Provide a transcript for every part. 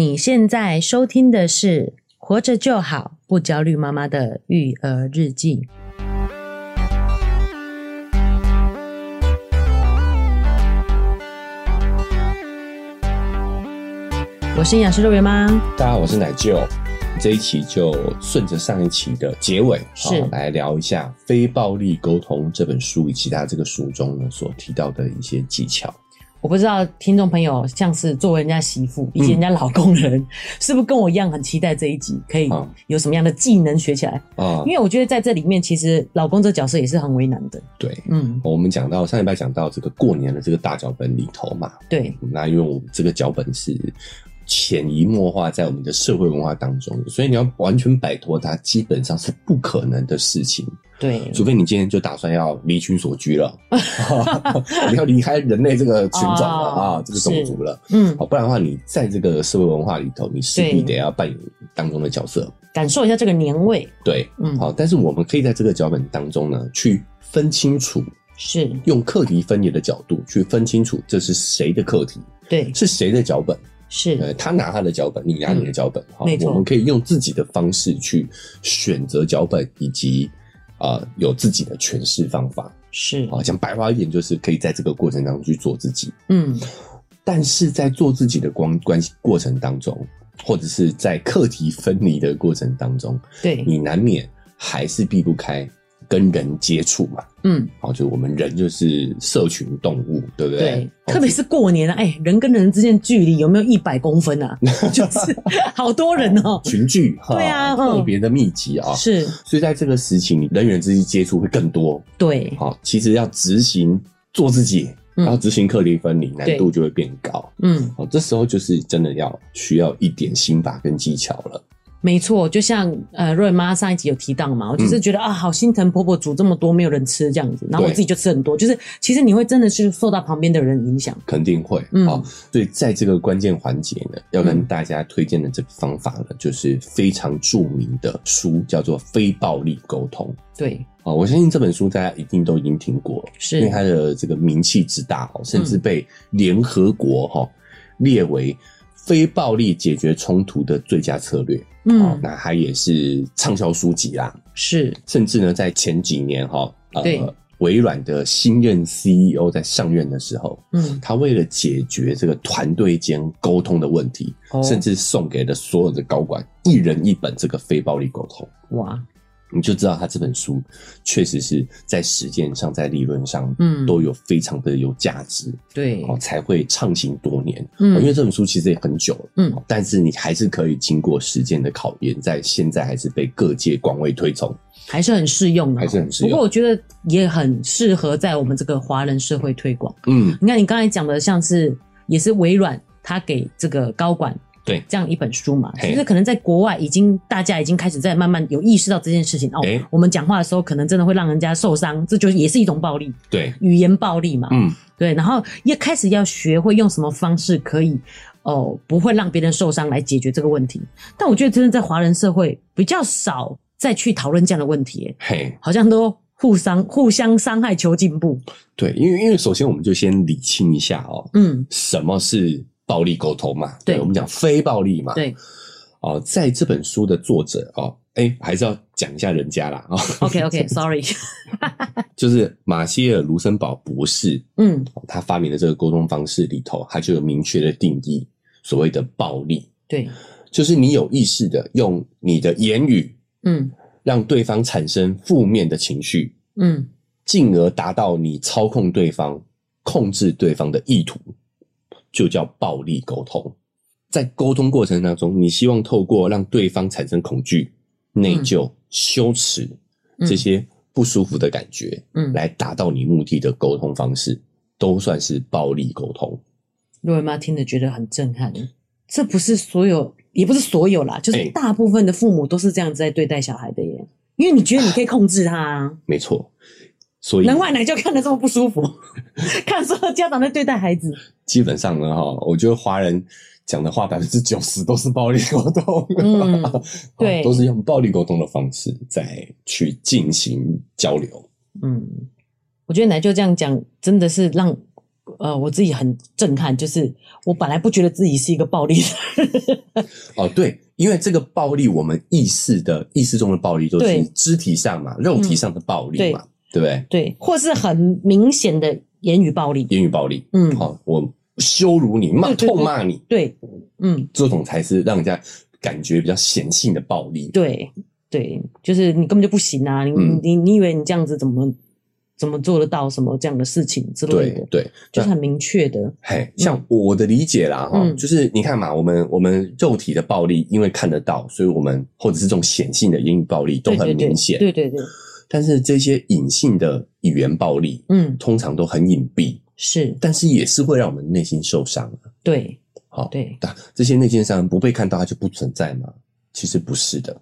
你現在收聽的是《活着就好不焦慮媽媽的育兒日記》，我是營養師肉圓媽，大家好，我是奶舅。這一期就順着上一期的結尾啊、哦，來聊一下《非暴力溝通》這本書以及他這個書中呢所提到的一些技巧。我不知道聽眾朋友像是作為人家媳婦以及人家老公人，嗯，是不是跟我一樣很期待這一集可以有什麼樣的技能學起來啊、嗯？因為我覺得在這裡面其實老公這角色也是很為難的。對，嗯，我們講到上禮拜講到這個過年的這個大腳本裡頭嘛，對，那因為我們這個腳本是。潛移默化在我們的社會文化當中，所以你要完全擺脫它，基本上是不可能的事情。對，除非你今天就打算要離群索居了， 哦、你要離開人類這個群種了啊、哦哦，這個種族了。嗯，好，不然的話，你在這個社會文化裡頭，你勢必得要扮演當中的角色，感受一下這個年味。對，嗯，好，但是我們可以在這個腳本當中呢，去分清楚，是用課題分離的角度去分清楚，這是誰的課題？對，是誰的腳本？是，他拿他的腳本，你拿你的腳本，好、嗯、我們可以用自己的方式去選擇腳本，以及啊、呃，有自己的詮釋方法。是，啊，講白話一點，就是可以在這個過程當中去做自己。嗯，但是在做自己的關關係過程當中，或者是在課題分離的過程當中，對，你難免還是避不開跟人接觸嘛。嗯，好，就我們人就是社群動物，對不對？對，特別是過年了、啊，哎、欸，人跟人之間距離有沒有一百公分啊？ 就是好多人哦、喔，群聚，對啊，喔、特別的密集啊，是。所以在這個時期，人員之間接觸會更多。對，好，其實要執行做自己，然後執行課題分離、嗯，難度就會變高。嗯，好，這時候就是真的要需要一點心法跟技巧了。沒錯，就像呃瑞媽上一集有提到嘛，嗯、我就是覺得啊，好心疼婆婆煮這麼多沒有人吃這樣子，然後我自己就吃很多，就是其實你會真的是受到旁邊的人影響，肯定會、嗯。哦，所以在這個關鍵環節呢，要跟大家推薦的這個方法呢、嗯，就是非常著名的書，叫做《非暴力溝通》。對，啊、哦，我相信這本書大家一定都已經聽過，是因為它的這個名氣之大，甚至被聯合國哈、哦嗯、列為。非暴力解決衝突的最佳策略，嗯，啊、那它也是暢銷書籍啦、啊，是，甚至呢，在前幾年哈，呃，微軟的新任 CEO 在上任的時候，嗯，他為了解決這個團隊間溝通的問題、哦，甚至送給了所有的高管一人一本這個非暴力溝通，哇。你就知道他這本書確實是在實踐上、在理論上，嗯，都有非常的有價值，嗯，對，才會暢行多年。嗯，因為這本書其實也很久了，嗯，但是你還是可以經過實踐的考驗，在現在還是被各界廣為推崇，還是很適用的，還是很適用。不過我覺得也很適合在我們這個華人社會推廣。嗯，你看你剛才講的，像是也是微軟，他給這個高管。對，這樣一本書嘛，其實可能在國外已經大家已經開始在慢慢有意識到這件事情哦、欸。我們講話的時候，可能真的會讓人家受傷，這就也是一種暴力，對，語言暴力嘛。嗯，對，然後一開始要學會用什麼方式可以哦、呃，不會讓別人受傷來解決這個問題。但我覺得真的在華人社會比較少再去討論這樣的問題，嘿，好像都互傷、互相傷害求進步。對，因為因為首先我們就先理清一下哦，嗯，什麼是暴力溝通嘛對，對，我們講非暴力嘛，對，哦，在這本書的作者哦，誒、欸，還是要講一下人家啦，啊 ，OK OK，Sorry，okay, 就是馬歇爾·盧森堡博士，嗯，他發明的這個溝通方式裡頭，他就有明確的定義，所謂的暴力，對，就是你有意識的用你的言語，嗯，讓對方產生負面的情緒，嗯，進而達到你操控對方、控制對方的意圖。就叫暴力溝通，在溝通過程當中，你希望透過讓對方產生恐懼、內疚、嗯、羞恥這些不舒服的感覺，嗯，來達到你目的的溝通方式、嗯，都算是暴力溝通。肉圓媽聽了覺得很震撼，這不是所有，也不是所有啦、欸，就是大部分的父母都是這樣子在對待小孩的耶，因為你覺得你可以控制他、啊，沒錯。所以難怪奶就看得這麼不舒服， 看所有家長在對待孩子。基本上呢，哈，我覺得華人講的話百分之九十都是暴力溝通。嗯，對，都是用暴力溝通的方式在去進行交流。嗯，我覺得奶舅這樣講真的是讓呃我自己很震撼，就是我本來不覺得自己是一個暴力的人。 哦，對，因為這個暴力，我們意識的意識中的暴力就是肢體上嘛，肉體上的暴力嘛。嗯對不對？對，或是很明顯的言語暴力，言語暴力，嗯，好、哦，我羞辱你，罵，對對對，痛罵你，對，對，嗯，這種才是讓人家感覺比較顯性的暴力。對，對，就是你根本就不行啊！嗯、你你你以為你這樣子怎麼怎麼做得到什麼這樣的事情之類的？對，對，就是很明確的。嘿，像我的理解啦，哈、嗯哦，就是你看嘛，我們我們肉體的暴力，因為看得到，所以我們或者是這種顯性的言語暴力都很明顯。對對對。對對對。但是這些隱性的語言暴力，嗯，通常都很隱蔽，是，但是也是會讓我們內心受傷的。對，好，對，這些內心傷不被看到，它就不存在嗎？其實不是的，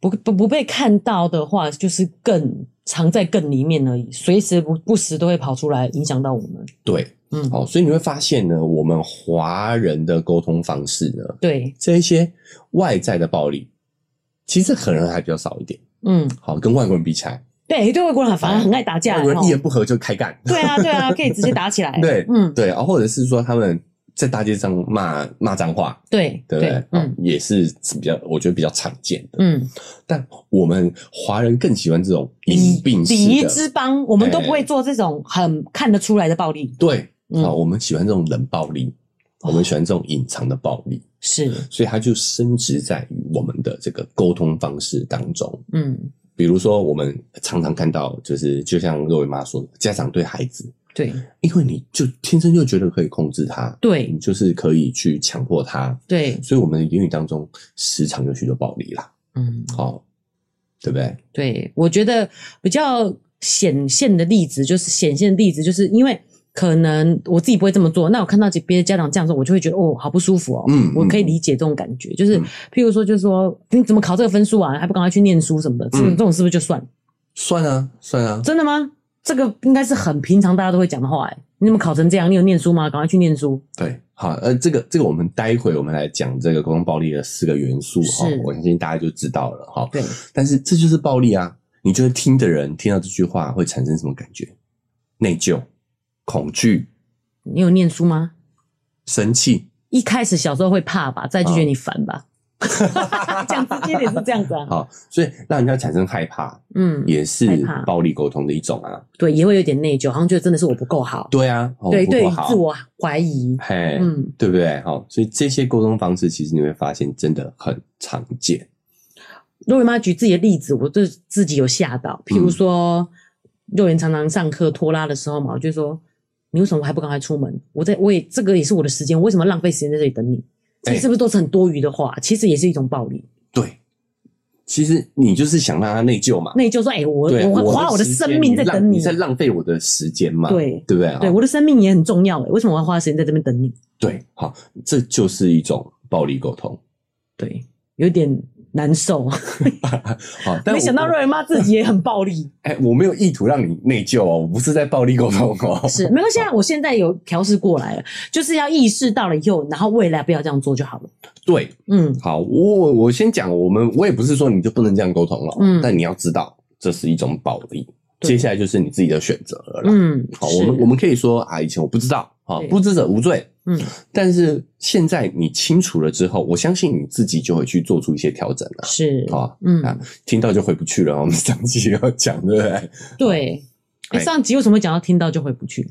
不不不被看到的話，就是更藏在更裡面而已，隨時不不時都會跑出來影響到我們。對，嗯，好，所以你會發現呢，我們華人的溝通方式呢，對，這一些外在的暴力，其實可能還比較少一點。 嗯，好，跟外國人比起來，對，一對外國人反而、哦、很愛打架，外國人一言不合就開幹，嗯、 對啊，對啊，可以直接打起來，對，嗯，對啊，或者是說他們在大街上罵罵髒話，對，對不對、哦？嗯，也是比較，我覺得比較常見的，嗯，但我們華人更喜歡這種隱蔽式的禮儀之邦，我們都不會做這種很看得出來的暴力，對，對好、嗯，我們喜歡這種冷暴力，我們喜歡這種隱藏的暴力。哦是，所以他就深植在我們的這個溝通方式當中。嗯，比如說我們常常看到、就是，就是就像肉圓媽說，家長對孩子，對，因為你就天生就覺得可以控制他，對，你就是可以去強迫他，對，所以我們的言語當中時常有許多暴力啦。嗯，好、哦，對不對？對，我覺得比較顯現的例子，就是顯現的例子，就是因為。可能我自己不會這麼做。那我看到別的家長這樣說，我就會覺得哦，好不舒服哦，嗯。嗯，我可以理解這種感覺，就是，嗯、譬如說，就是說，你怎麼考這個分數啊？還不趕快去念書什麼的？這、嗯、種這種是不是就算、嗯？算啊，算啊。真的嗎？這個應該是很平常大家都會講的話、欸。你怎麼考成這樣？你有念書嗎？趕快去念書。對，好，呃，這個這個我們待會我們來講這個溝通暴力的四個元素哈、哦，我相信大家就知道了哈、哦。對。但是這就是暴力啊！你覺得聽的人聽到這句話會產生什麼感覺？內疚。恐懼，你有念書嗎？生氣，一開始小時候會怕吧，再就覺得你煩吧，這樣子，講直接 點 是這樣子啊。好，所以讓人家產生害怕，嗯，也是暴力溝通的一種啊。對，也會有點內疚，好像覺得真的是我不夠好。對啊，哦、對對，自我懷疑，嘿、嗯，對不對？好，所以這些溝通方式，其實你會發現真的很常見。肉圓媽舉自己的例子，我就自己有嚇到，譬如說，肉、嗯、圓常常上課拖拉的時候嘛，我就說。你為什麼我還不趕快出門？我在我也這個也是我的時間，我為什麼浪費時間在這裡等你？這是不是都是很多餘的話、欸？其實也是一種暴力。對，其實你就是想讓他內疚嘛，內疚說：“哎、欸，我我，我，我花我的生命在等你，你，浪你在浪費我的時間嘛？”對，對不對？對，我的生命也很重要哎，為什麼我要花時間在這邊等你？對，好，這就是一種暴力溝通。對，有點。難受， 好，但，沒想到肉圓媽自己也很暴力。哎、 欸，我沒有意圖讓你內疚哦，我不是在暴力溝通哦。 是，沒關係。現在我現在有調試過來了，就是要意識到了以後，然後未來不要這樣做就好了。對，嗯，好，我我先講，我們我也不是說你就不能這樣溝通了，嗯，但你要知道這是一種暴力，接下來就是你自己的選擇了，嗯，好，我們我們可以說啊，以前我不知道。好，不知者無罪。嗯，但是現在你清楚了之後，我相信你自己就會去做出一些調整了。是啊，嗯，聽到就回不去了。我們上集要講，對不對？對，嗯、上集為什麼講到聽到就回不去？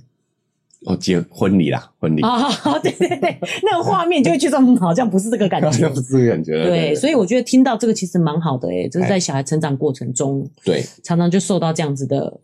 哦，結婚禮啦，婚禮啊、哦，對對對，那個畫面就會覺得好像不是這個感覺，不 是這個感覺對。對，所以我覺得聽到這個其實蠻好的、哎、就是在小孩成長過程中，對，常常就受到這樣子的。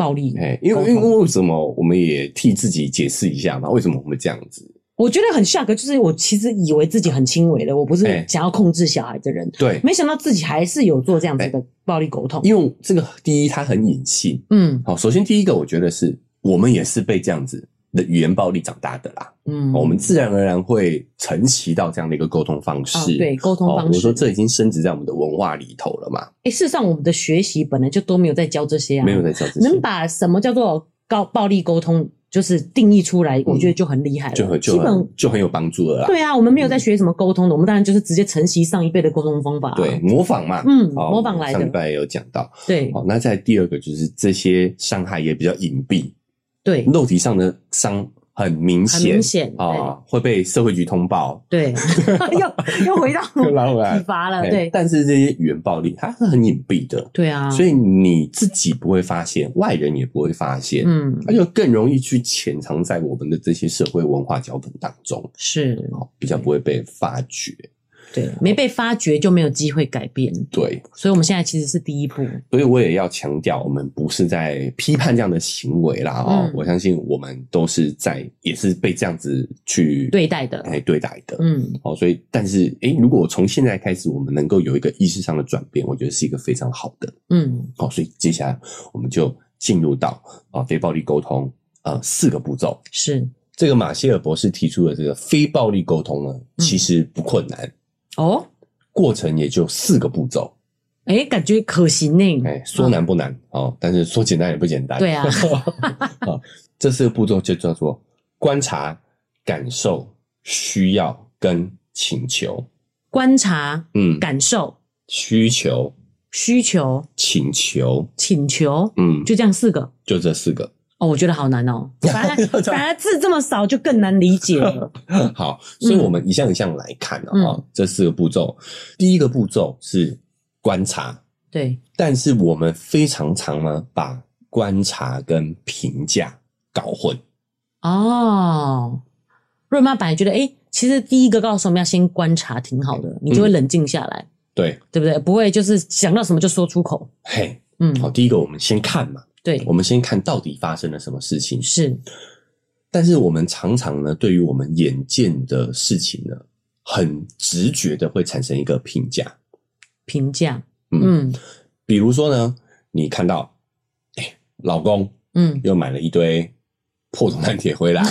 暴力哎，因為因為為什麼我們也替自己解釋一下嘛？為什麼我們這樣子？我覺得很 shock，就是我其實以為自己很輕微的，我不是想要控制小孩的人，對、欸，沒想到自己還是有做這樣子的暴力溝通、欸。因為這個第一，他很隱性，嗯，好，首先第一個，我覺得是我們也是被這樣子。的語言暴力長大的啦，嗯，我們自然而然會承襲到這樣的一個溝通方式，哦、對溝通方式、哦，我說這已經深植在我們的文化裡頭了嘛。哎、欸，事實上我們的學習本來就都沒有在教這些啊，沒有在教這些，能把什麼叫做非暴力溝通，就是定義出來，我、嗯、覺得就很厲害了就，就很就很有幫助了啦。對啊，我們沒有在學什麼溝通的、嗯，我們當然就是直接承襲上一輩的溝通方法、啊，對，模仿嘛，嗯，哦、模仿來的。上一輩也有講到，對。哦、那再第二個就是這些傷害也比較隱蔽。對，肉體上的傷很明顯，明顯啊、哦，會被社會局通報。對， 又又回到體 罰了。對，但是這些語言暴力它是很隱蔽的，對啊，所以你自己不會發現，外人也不會發現，嗯，它就更容易去潛藏在我們的這些社會文化腳本當中，是，哦、比較不會被發覺。對，沒被發掘就沒有機會改變。對，所以我們現在其實是第一步。所以我也要強調，我們不是在批判這樣的行為啦哦、嗯。我相信我們都是在也是被這樣子去對待的，來、呃、對待的。嗯，好，所以但是誒、欸，如果從現在開始，我們能夠有一個意識上的轉變，我覺得是一個非常好的。嗯，好，所以接下來我們就進入到啊非、呃、暴力溝通啊、呃、四個步驟。是這個馬歇爾博士提出的這個非暴力溝通呢，其實不困難。嗯哦，過程也就四個步驟，哎、欸，感覺可行呢、欸。哎、欸，說難不難哦，哦，但是說簡單也不簡單。對啊，啊、 哦，這四個步驟就叫做觀察、感受、需要跟請求。觀察，嗯，感受，需求，需求，請求，請求，嗯，就這樣四個，就這四個。哦、我覺得好難哦，反而反而字這麼少就更難理解了。 好，所以我們一項一項來看啊、哦嗯，這四個步驟，第一個步驟是觀察，對，但是我們非常常呢把，把觀察跟評價搞混。哦，若媽本來覺得，哎，其實第一個告訴我們要先觀察挺好的，你就會冷靜下來、嗯，對，對不對？不會就是想到什麼就說出口。嘿，嗯，好，第一個我們先看嘛。對，我們先看到底發生了什麼事情是，但是我們常常呢，對於我們眼見的事情呢，很直覺的會產生一個評價，評價，嗯，比如說呢，你看到，哎、嗯欸，老公，嗯，又買了一堆破銅爛鐵回來，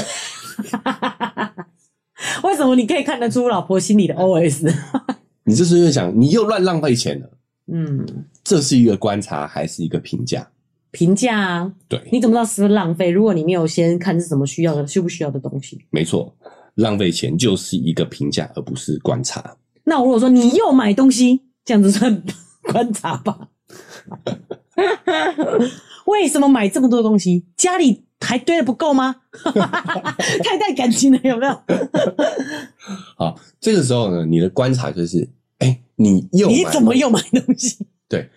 為什麼你可以看得出老婆心裡的 OS？ 你這是因為想，你又亂浪費錢了，嗯，這是一個觀察還是一個評價？評價啊，對，你怎麼知道是不是浪費？如果你沒有先看是什麼需要的、需不需要的東西，沒錯，浪費錢就是一個評價，而不是觀察。那我如果說你又買東西，這樣子算觀察吧？ 為什麼買這麼多東西？家裡還堆得不夠嗎？ 太帶感情了，有沒有？ 好，這個時候呢，你的觀察就是，哎、欸，你又買你怎麼又買東西？對，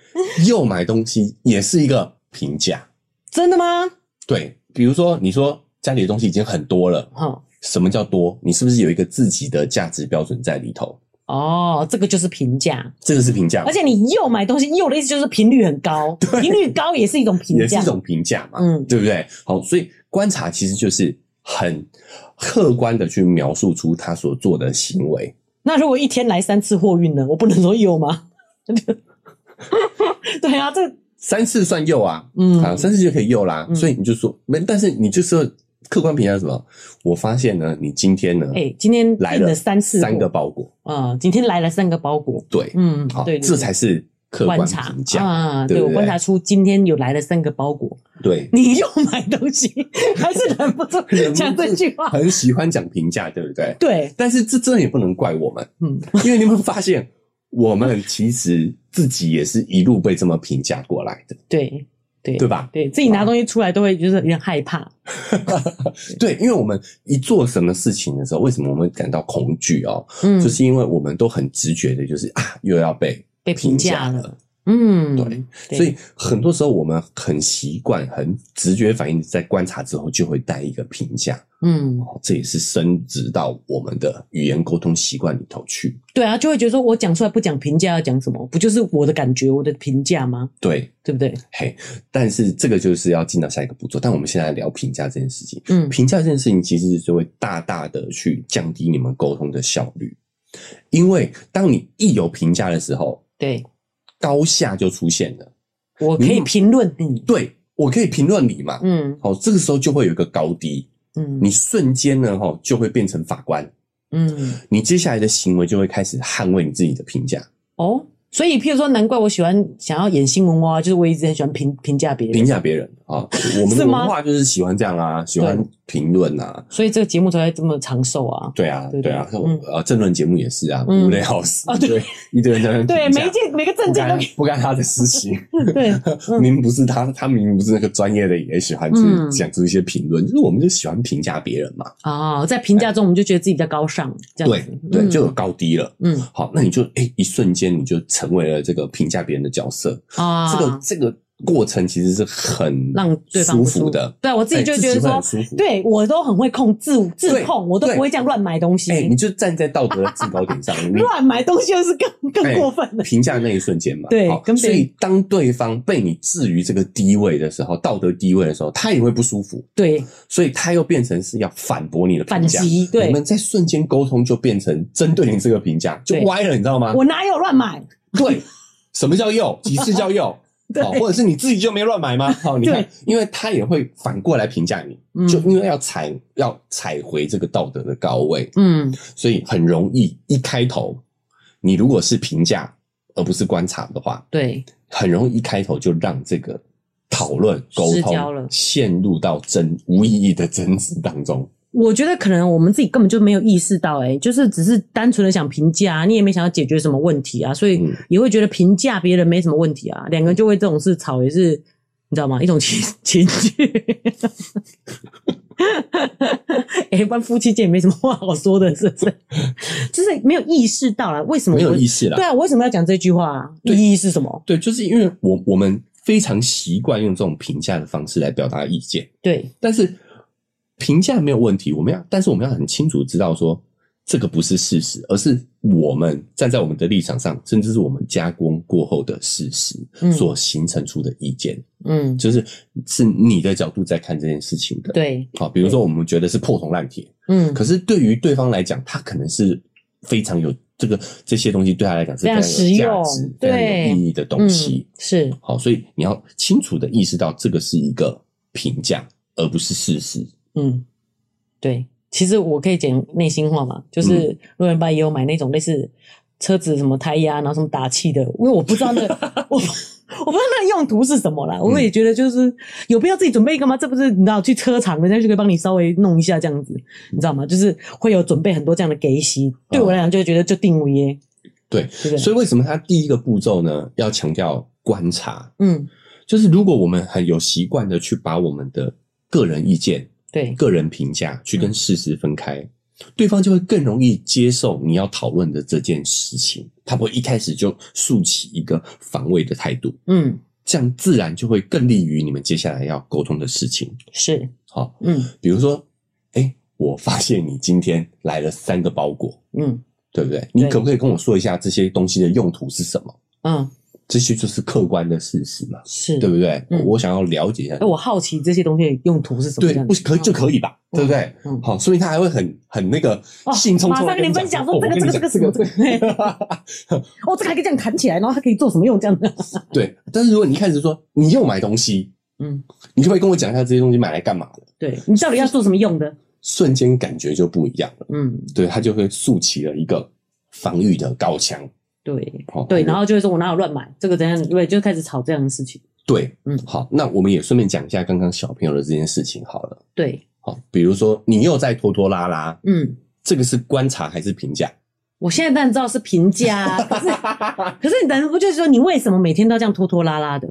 又買東西也是一個。評價。真的嗎？對，比如說你說家裡的東西已經很多了，哦，什麼叫多？你是不是有一個自己的價值標準在裡頭？哦，這個就是評價，這個是評價，而且你又買東西，又的意思就是頻率很高，對，頻率高也是一種評價，也是一種評價嘛，嗯，對不對？好，所以觀察其實就是很客觀的去描述出他所做的行為。那如果一天來三次貨運呢？我不能說有嗎？ 對呀，啊，這。三次算又啊，嗯，好三次就可以又啦、嗯，所以你就說沒，但是你就說客觀評價是什麼？我發現呢，你今天呢，哎、欸，今天來了三次了三個包裹啊、嗯，今天來了三個包裹，對，嗯，好對，對，對，這才是客觀評價啊，啊，啊，啊，對，對，對，對我觀察出今天有來了三個包裹，對，對你又買東西，還是忍不住講這句話， 很喜歡講評價，對不對？對，但是這真的也不能怪我們，嗯，因為你會發現，我們其實。自己也是一路被這麼評價過來的，對，對，對吧？對，自己拿東西出來都會就是有點害怕 對，對，因為我們一做什麼事情的時候，為什麼我們會感到恐懼喔？嗯，就是因為我們都很直覺的，就是啊，又要被被評價了。嗯對，對，所以很多時候我們很習慣、嗯、很直覺反應，在觀察之後就會帶一個評價。嗯、哦，這也是升值到我們的語言溝通習慣裡頭去。對啊，就會覺得說我講出來不講評價，要講什麼？不就是我的感覺、我的評價嗎？對，對不對？嘿，但是這個就是要進到下一個步驟。但我們現在來聊評價這件事情。嗯，評價這件事情其實就會大大的去降低你們溝通的效率，因為當你一有評價的時候，對。高下就出現了，我可以評論你、你，對，我可以評論你嘛，嗯，好、喔，這個時候就會有一個高低，嗯，你瞬間呢，哈、喔，就會變成法官，嗯，你接下來的行為就會開始捍衛你自己的評價，哦，所以，譬如說，難怪我喜歡想要演新聞哇、啊，就是我一直很喜歡評評價別人，評價別人。啊，我們的文化就是喜歡這樣啊，喜歡評論啊，所以這個節目才會這麼長壽啊。對啊，對啊，政論節目也是啊，無聊死。對，一堆人在那對，每件每個政見都不干他的事情。對，嗯、 明明不是他，他明明不是那個專業的，也喜歡去講出一些評論，就是、嗯、我們就喜歡評價別人嘛。哦，在評價中，我們就覺得自己在高尚。這樣對對、嗯，就有高低了。嗯，好，那你就哎、欸，一瞬間你就成為了這個評價別人的角色啊。這個這個。過程其實是很讓對方舒服的。對，對我自己就覺得說，欸、對我都很會控制自控，我都不會這樣亂買東西。欸，你就站在道德的制高點上面，亂 買東西就是更更過分的評價，欸、那一瞬間嘛。對跟別人。所以當對方被你置於這個低位的時候，道德低位的時候，他也會不舒服。對，所以他又變成是要反駁你的評價，反擊。對，我們在瞬間溝通就變成針對你這個評價就歪了，你知道嗎？我哪有亂買？對，什麼叫又？幾次叫又？ 對，或者是你自己就沒亂買嗎？好， 你看，因為他也會反過來評價你，就因為要踩、嗯，要踩回這個道德的高位，嗯，所以很容易一開頭，你如果是評價而不是觀察的話，對，很容易一開頭就讓這個討論溝通了陷入到爭無意義的爭執當中。我覺得可能我們自己根本就沒有意識到、欸，誒就是只是單純的想評價、啊，你也沒想要解決什麼問題啊，所以也會覺得評價別人沒什麼問題啊，兩個人就為這種事吵也是，你知道嗎？一種情情緒，誒、 欸、關夫妻間也沒什麼話好說的是不是？ 就是沒有意識到了為什麼、就是、沒有意識了？對啊，我為什麼要講這句話、啊？意義是什麼？對，就是因為我我們非常習慣用這種評價的方式來表達意見，對，但是。評價沒有問題，我們要，但是我們要很清楚知道說，說這個不是事實，而是我們站在我們的立場上，甚至是我們加工過後的事實，所形成出的意見，嗯，嗯就是是你的角度在看這件事情的，對，好、哦，比如說我們覺得是破銅爛鐵，嗯，可是對於對方來講，他可能是非常有這個這些東西對他來講是非常有價值、非常有意義的東西，嗯、是好、哦，所以你要清楚的意識到，這個是一個評價，而不是事實。嗯，對，其實我可以講內心話嘛，就是、嗯、路邊爸也有買那種類似車子什麼胎壓，然後什麼打氣的，因為我不知道那 我我不知道那用途是什麼啦，我也覺得就是、嗯、有必要自己準備一個嗎？這不是你知道去車廠人家就可以幫你稍微弄一下這樣子、嗯，你知道嗎？就是會有準備很多這樣的給息、嗯，對我來講就覺得就定位耶。對，是的。所以為什麼他第一個步驟呢？要強調觀察，嗯，就是如果我們很有習慣的去把我們的個人意見。對個人評價去跟事實分開，嗯，對方就會更容易接受你要討論的這件事情，他不會一開始就豎起一個防衛的態度。嗯，這樣自然就會更利於你們接下來要溝通的事情。是，好，嗯，比如說，欸，我發現你今天來了三個包裹，嗯，對不對？你可不可以跟我說一下這些東西的用途是什麼？嗯。這些就是客觀的事實嘛，是對不對、嗯？我想要了解一下。那我好奇這些東西用途是什麼樣？對，不，可就可以吧，對不對？嗯，好、哦，所以他還會很很那個興、哦、衝衝的跟你分享說這個這個這個這個，這個這個這個這個、 哦，這個還可以這樣彈起來，然後它可以做什麼用？這樣子。對，但是如果你一開始說你又買東西，嗯，你就會跟我講一下這些東西買來幹嘛的？對你到底要做什麼用的？瞬間感覺就不一樣了。嗯，對他就會豎起了一個防禦的高牆。對，對，然後就會說：“我哪有亂買這個？怎樣？”因為就開始吵，這樣的事情。對，嗯，好，那我們也順便講一下剛剛小朋友的這件事情好了。對，好，比如說你又在拖拖拉拉，嗯，這個是觀察還是評價？我現在當然知道是評價， 可是你等，不就是說你為什麼每天都這樣拖拖拉拉的？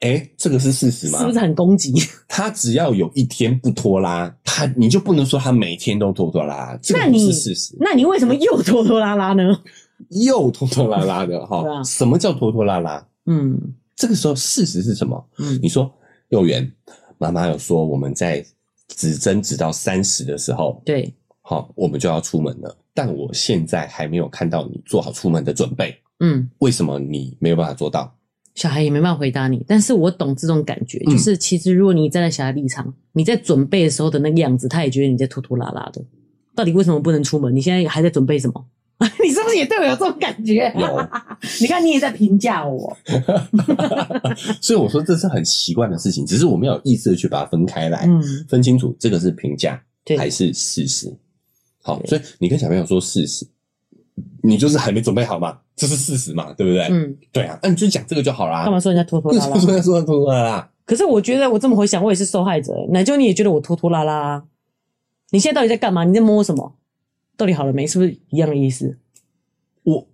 誒、欸、這個是事實嗎？是不是很攻擊？ 他只要有一天不拖拉，他你就不能說他每天都拖拖拉拉的。那你、這個、是事實？那你為什麼又拖拖拉拉呢？ 又拖拖拉拉的哈、 啊？什麼叫拖拖拉拉？嗯，這個時候事實是什麼？嗯，你說幼兒園媽媽有說我們在指針指到三十的時候，對，好、哦，我們就要出門了。但我現在還沒有看到你做好出門的準備。嗯，為什麼你沒有辦法做到？小孩也沒辦法回答你，但是我懂這種感覺，嗯、就是其實如果你站在小孩立場，你在準備的時候的那個樣子，他也覺得你在拖拖拉拉的。到底為什麼不能出門？你現在還在準備什麼？ 你是不是也對我有這種感覺？啊、有、 你看你也在評價我， 所以我說這是很習慣的事情，只是我沒有意識的去把它分開來，嗯、分清楚這個是評價還是事實。好，所以你跟小朋友說事實，你就是還沒準備好嗎？這是事實嘛，對不對？嗯，對啊，那、啊、你就講這個就好啦。幹嘛說人家拖拖拉拉？說人家拖拖拉拉。可是我覺得我這麼回想，我也是受害者。奶就你也覺得我拖拖拉拉？你現在到底在幹嘛？你在摸什麼？到底好了沒？是不是一樣的意思？我，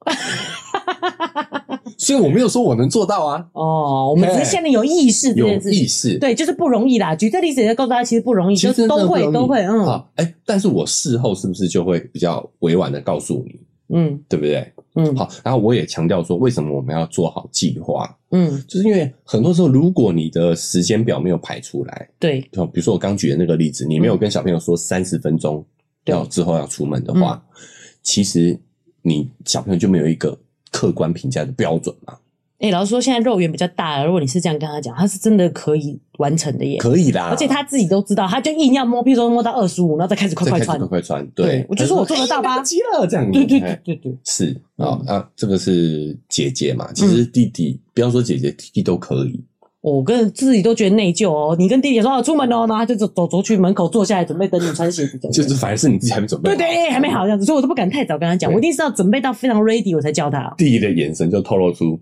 哈哈哈，所以我沒有說我能做到啊。哦，我們只是現在有意識這件事，有意識，對，就是不容易啦。舉這例子也在告訴大家其，其實不容易，就都會都會，嗯。好。哎、欸，但是我事後是不是就會比較委婉的告訴你？嗯，對不對？嗯。好，然後我也強調說，為什麼我們要做好計劃？嗯，就是因為很多時候，如果你的時間表沒有排出來，對，比如說我剛舉的那個例子，你沒有跟小朋友說三十分鐘。要之後要出門的話、嗯，其實你小朋友就沒有一個客觀評價的標準嘛。哎、欸，老師說現在肉圓比較大了，如果你是這樣跟他講，他是真的可以完成的耶，可以啦，啦。而且他自己都知道，他就硬要摸，比如說摸到二十五，然後再開始快快穿，快快穿。對，我就說我做得到，吧。雞、那個、這樣。對對對對對，對，是啊啊，嗯哦、那這個是姐姐嘛，其實弟弟、嗯、不要說姐姐弟弟都可以。哦，我跟自己都覺得內疚哦。你跟弟弟說要出門哦，然後他就走走走去門口坐下來，準備等你穿鞋子走。就是反而是你自己還沒準備。對對對，還沒好這樣子，所以我都不敢太早跟他講，我一定是要準備到非常 ready 我才叫他哦。弟弟的眼神就透露出。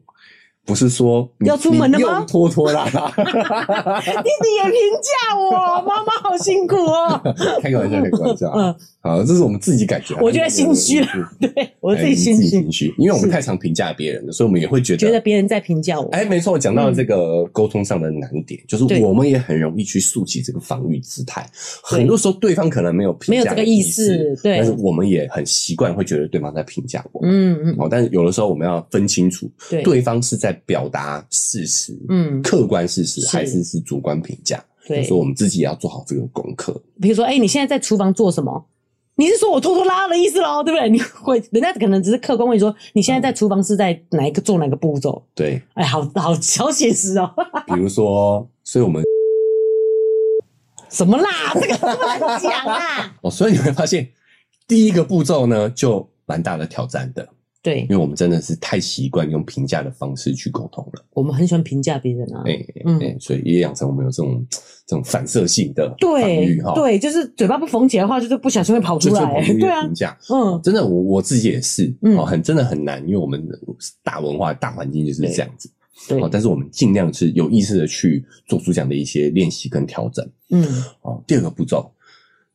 不是說你要出門了嗎？你拖拖拉拉，弟弟也評價我，媽媽好辛苦哦、喔。 開個玩笑，開玩笑。嗯，好，這是我們自己感覺，我覺得心虛了。對、哎、我自己心虛、哎，因為我們太常評價別人了，所以我們也會覺得覺得別人在評價我。哎，沒錯，我講到這個溝通上的難點、嗯，就是我們也很容易去豎起這個防御姿態。很多時候對方可能沒有評價的意思，對，但是我們也很習慣會覺得對方在評價我。嗯嗯。哦，但是有的時候我們要分清楚，對，對方是在表達事實，嗯，客觀事實是還是是主觀評價。對，就是、說我們自己也要做好這個功課。比如說，哎、欸，你現在在廚房做什麼？你是說我拖拖拉拉的意思嘍，對不對？你會，人家可能只是客觀問你說，你現在在廚房是在哪一個、嗯、做哪一個步驟？對，哎、欸，好好好寫實哦。 比如說，所以我們什麼啦？這個這麼講啦、啊、 哦，所以你會發現，第一個步驟呢，就蠻大的挑戰的。對，因為我們真的是太習慣用評價的方式去溝通了。我們很喜歡評價別人啊，哎、欸欸欸，嗯，所以也養成我們有這種這種反射性的對，對，就是嘴巴不縫起來的話，就是不小心會跑出來、欸最最，對啊，評價，嗯，真的，我我自己也是，嗯，很真的很難，因為我們大文化大環境就是這樣子，對。對但是我們儘量是有意識的去做出這樣的一些練習跟調整，嗯，哦，第二個步驟，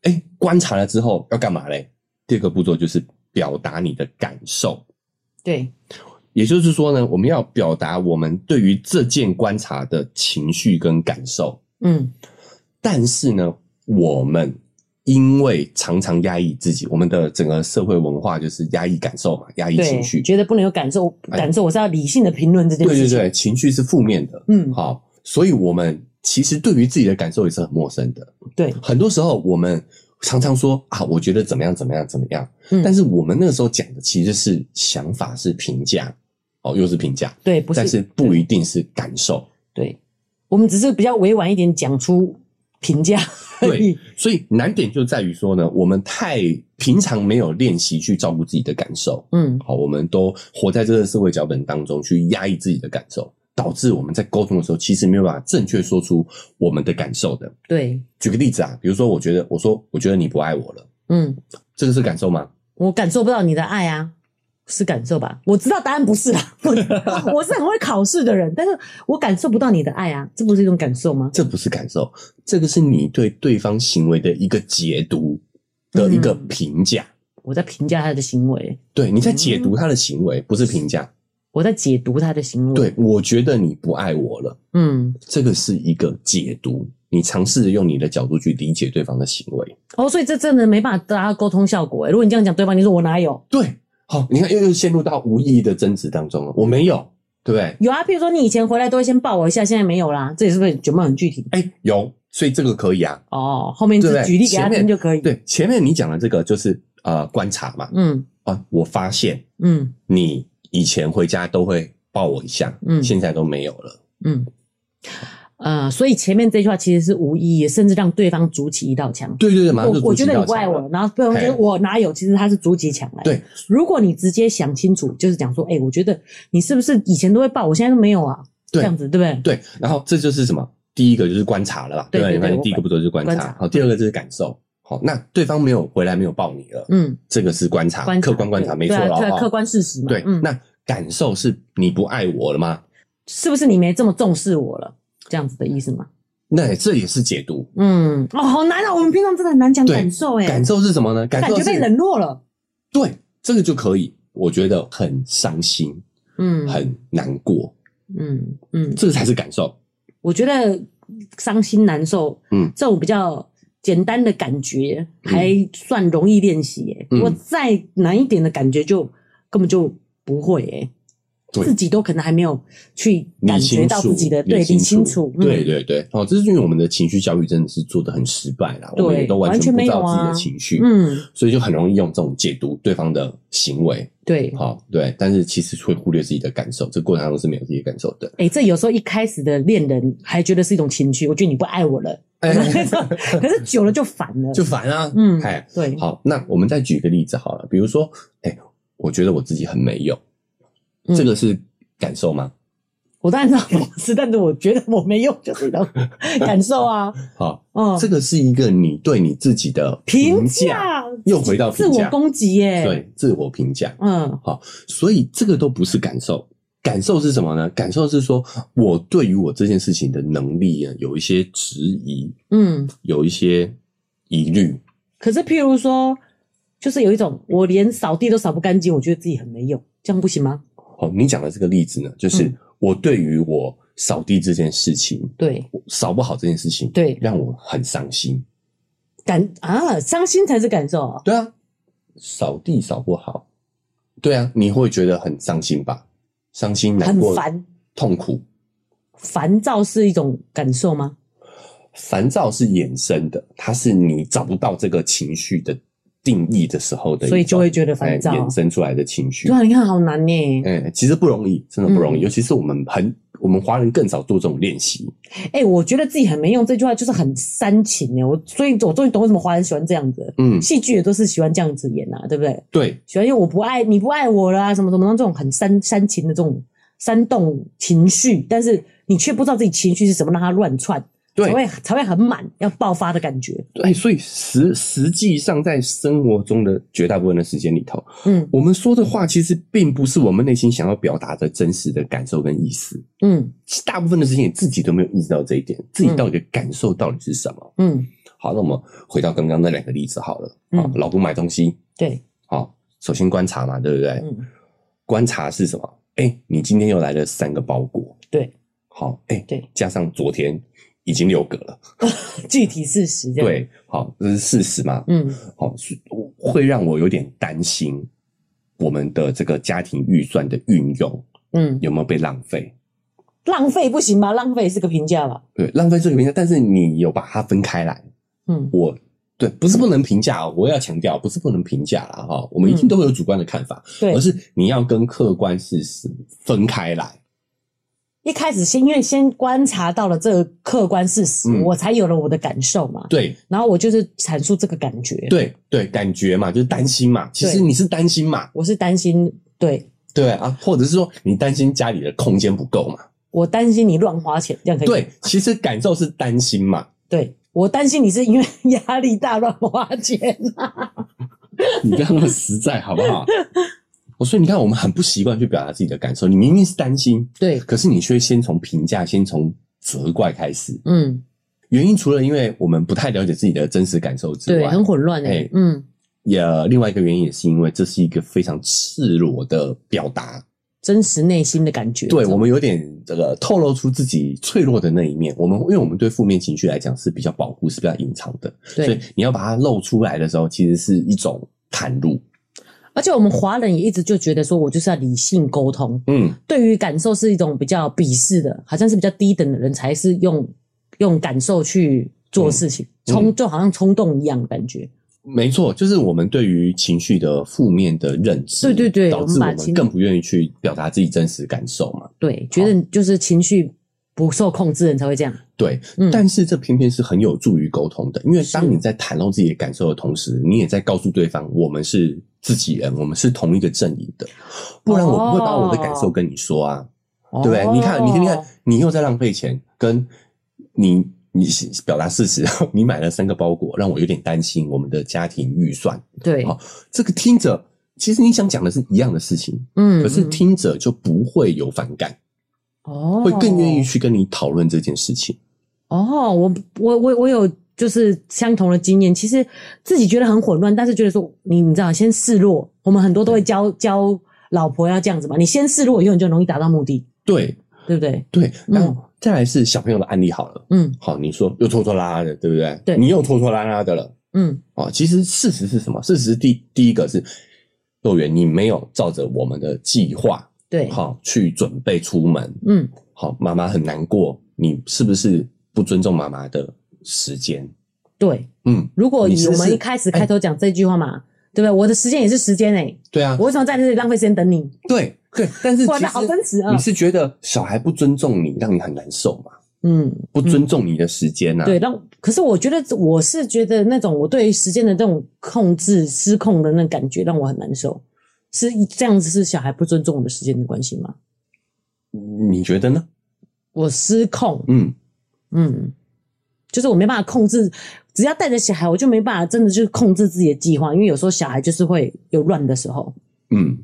哎、欸，觀察了之後要幹嘛嘞？第二個步驟就是表達你的感受。對，也就是說呢，我們要表達我們對於這件觀察的情緒跟感受。嗯，但是呢，我們因為常常壓抑自己，我們的整個社會文化就是壓抑感受嘛，壓抑情緒，覺得不能有感受，感受我是要理性的評論這件事情。哎，對對對，情緒是負面的。嗯，好，所以我們其實對於自己的感受也是很陌生的。對，很多時候我們，常常說啊，我覺得怎麼樣怎麼樣怎麼樣，嗯，但是我們那個時候講的其實是想法，是評價，哦，又是評價，對，不是，但是不一定是感受，對，對我們只是比較委婉一點講出評價，對，所以難點就在於說呢，我們太平常沒有練習去照顧自己的感受，嗯，好、哦，我們都活在這個社會腳本當中去壓抑自己的感受。導致我們在溝通的時候，其實沒有辦法正確說出我們的感受的。對，舉個例子啊，比如說，我覺得，我說，我覺得你不愛我了。嗯，這個是感受嗎？我感受不到你的愛啊，是感受吧？我知道答案不是啊， 我是很會考試的人， 但是我感受不到你的愛啊，這不是一種感受嗎？這不是感受，這個是你對對方行為的一個解讀的一個評價。嗯，我在評價他的行為。對，你在解讀他的行為，不是評價。嗯我在解讀他的行為。對，我覺得你不愛我了。嗯，這個是一個解讀。你嘗試用你的角度去理解對方的行為。哦，所以這真的沒辦法達到溝通效果。誒，如果你這樣講，對方你說我哪有？對，好，你看又又陷入到無意義的爭執當中了。我沒有，對不對？有啊，譬如說你以前回來都會先抱我一下，現在沒有啦。這裡是不是覺得很具體？誒，有，所以這個可以啊。哦，後面就舉例給他聽就可以。對，前面你講的這個就是呃觀察嘛。嗯，啊，我發現嗯你。以前回家都會抱我一下，嗯，現在都沒有了，嗯，呃，所以前面這句話其實是無意義，甚至讓對方築起一道牆。對對對，我我覺得你不愛我了，然後對方覺得我哪有，其實他是築起牆來的。對，如果你直接想清楚，就是講說，哎、欸，我覺得你是不是以前都會抱，我現在都沒有啊？對這樣子對不對？對，然後這就是什麼？第一個就是觀察了吧？對對對，對對對對對對，第一個步驟就是觀察。好，第二個就是感受。好，那對方沒有回來，沒有抱你了。嗯，這個是觀察，觀察客觀觀察對，沒錯、對啊、哦、客觀事實嘛。對、嗯，那感受是你不愛我了嗎？是不是你沒這麼重視我了？這樣子的意思嗎？那這也是解讀。嗯，哦，好難啊！我們平常真的很難講感受，哎，感受是什麼呢？感受，感覺被冷落了。對，這個就可以，我覺得很傷心，嗯，很難過，嗯嗯，這個才是感受。我覺得傷心難受，嗯，這種比較。簡單的感覺還算容易練習、欸，我、嗯、再難一點的感覺就、嗯、根本就不會、欸，自己都可能還沒有去感覺到自己的對、理，理清楚。對對對，哦、嗯，這是因為我們的情緒教育真的是做得很失敗啦，對，我們也都完全不知道自己的情緒、啊，嗯，所以就很容易用這種解讀對方的行為，對，好，對，但是其實會忽略自己的感受，這個、過程當中是沒有自己的感受的。哎、欸，這有時候一開始的戀人還覺得是一種情緒，我覺得你不愛我了。哎，可是久了就煩了，欸、就煩啊。嗯，哎、欸，對，好，那我們再舉一個例子好了，比如說，哎、欸，我覺得我自己很沒用、嗯，這個是感受嗎？我當然知道是，但 是我覺得我沒用就是一種感受啊。好，好、嗯，這個是一個你對你自己的評價，又回到自我攻擊耶？對，自我評價。嗯，好，所以這個都不是感受。感受是什麼呢？感受是說，我對於我這件事情的能力啊，有一些質疑，嗯，有一些疑慮。可是，譬如說，就是有一種，我連掃地都掃不乾淨，我覺得自己很沒用，這樣不行嗎？哦，你講的這個例子呢，就是、嗯、我對於我掃地這件事情，對，掃不好這件事情，對，讓我很傷心。感，啊，傷心才是感受。對啊，掃地掃不好，對啊，你會覺得很傷心吧？傷心難過，痛苦，煩躁是一種感受嗎？煩躁是衍生的，它是你找不到這個情緒的定義的時候的，所以就會覺得煩躁，衍、呃、生出來的情緒。對啊，你看好難耶。哎、嗯，其實不容易，真的不容易，嗯、尤其是我們很。我們華人更少做這種練習。哎、欸，我覺得自己很沒用，這句話就是很煽情哎。我所以，我終於懂為什麼華人喜歡這樣子。嗯，戲劇也都是喜歡這樣子演吶、啊，對不對？對，喜歡，因為我不愛你，不愛我了、啊，什麼什麼，這種很煽煽情的這種煽動情緒，但是你卻不知道自己情緒是什麼讓他亂，讓它亂竄。才會才會很滿，要爆發的感覺。對，所以實實際上，在生活中的絕大部分的時間裡頭，嗯，我們說的話其實並不是我們內心想要表達的真實的感受跟意思。嗯，大部分的時間你自己都沒有意識到這一點，自己到底的感受到底是什麼？嗯，嗯，好，那我們回到剛剛那兩個例子好了。啊、嗯，老公買東西。對。好，首先觀察嘛，對不對？嗯。觀察是什麼？哎、欸，你今天又來了三個包裹。對。好，哎、欸，對，加上昨天。已經六個了 具體事實這樣，對，好，這是事實嘛？嗯，好，會讓我有點擔心我們的這個家庭預算的運用，嗯，有沒有被浪費？嗯？浪費不行嗎？浪費是個評價了，對，浪費是個評價，但是你有把它分開來，嗯，我對，不是不能評價，我要強調，不是不能評價了哈，我們一定都會有主觀的看法，嗯，對，而是你要跟客觀事實分開來。一開始先因為先觀察到了這個客觀事實、嗯，我才有了我的感受嘛。對，然後我就是闡述這個感覺。對對，感覺嘛，就是擔心嘛。其實你是擔心嘛？我是擔心，對對啊，或者是說你擔心家裡的空間不夠嘛？我擔心你亂花錢，這樣可以？對，其實感受是擔心嘛。對，我擔心你是因為壓力大亂花錢、啊， 你這樣實在好不好？ 我說：“你看，我們很不習慣去表達自己的感受。你明明是擔心，對，可是你卻先從評價、先從責怪開始。嗯，原因除了因為我們不太了解自己的真實感受之外，對，很混亂誒、欸欸。嗯，也另外一個原因也是因為這是一個非常赤裸的表達，真實內心的感覺。對，我們有點這個透露出自己脆弱的那一面。我們因為我們對負面情緒來講是比較保護，是比較隱藏的，對，所以你要把它露出來的時候，其實是一種袒露。”而且我們華人也一直就覺得說，我就是要理性溝通，嗯，對於感受是一種比較鄙視的，好像是比較低等的人才是用用感受去做事情，嗯嗯、衝就好像衝動一樣的感覺。沒錯，就是我們對於情緒的負面的認知，對對對，導致我們更不願意去表達自己真實感受嘛。對，覺得就是情緒。不受控制，你才會這樣，對、嗯，但是這偏偏是很有助於溝通的，因為當你在袒露自己的感受的同時，你也在告訴對方，我們是自己人，我們是同一個陣營的，不然我不會把我的感受跟你說啊，哦、對對、哦，你看，你看，你看，你又在浪費錢，跟你，你表達事實，你買了三個包裹，讓我有點擔心我們的家庭預算。對，嗯、這個聽者，其實你想講的是一樣的事情，嗯，可是聽者就不會有反感。哦，會更願意去跟你討論這件事情。哦、oh,，我我我我有就是相同的經驗，其實自己覺得很混亂，但是覺得說你你知道先示弱，我們很多都會教教老婆要這樣子嘛，你先示弱，以後你就容易達到目的，對對不對？對，那、嗯、再來是小朋友的案例好了，嗯，好，你說又拖拖拉拉的，對不對？對，你又拖拖拉拉的了，嗯，啊、哦，其實事實是什麼？事實是第第一個是肉圓，你沒有照着我們的計劃。對，好，去準備出門。嗯，好，媽媽很難過。你是不是不尊重媽媽的時間？對，嗯，如果你我們一開始開，始試試開頭講這一句話嘛，欸、對不對？我的時間也是時間哎、欸。對啊，我為什麼在這裡浪費時間等你？對，對，但是哇，這好真實。你是覺得小孩不尊重你，讓你很難受嘛？嗯，不尊重你的時間吶、啊嗯嗯。對，讓可是我覺得我是覺得那種我對於時間的這種控制失控的那種感覺，讓我很難受。是這樣子，是小孩不尊重我們時間的關係嗎？你覺得呢？我失控，嗯嗯，就是我沒辦法控制，只要帶着小孩，我就沒辦法真的就是控制自己的計劃，因為有時候小孩就是會有亂的時候。嗯，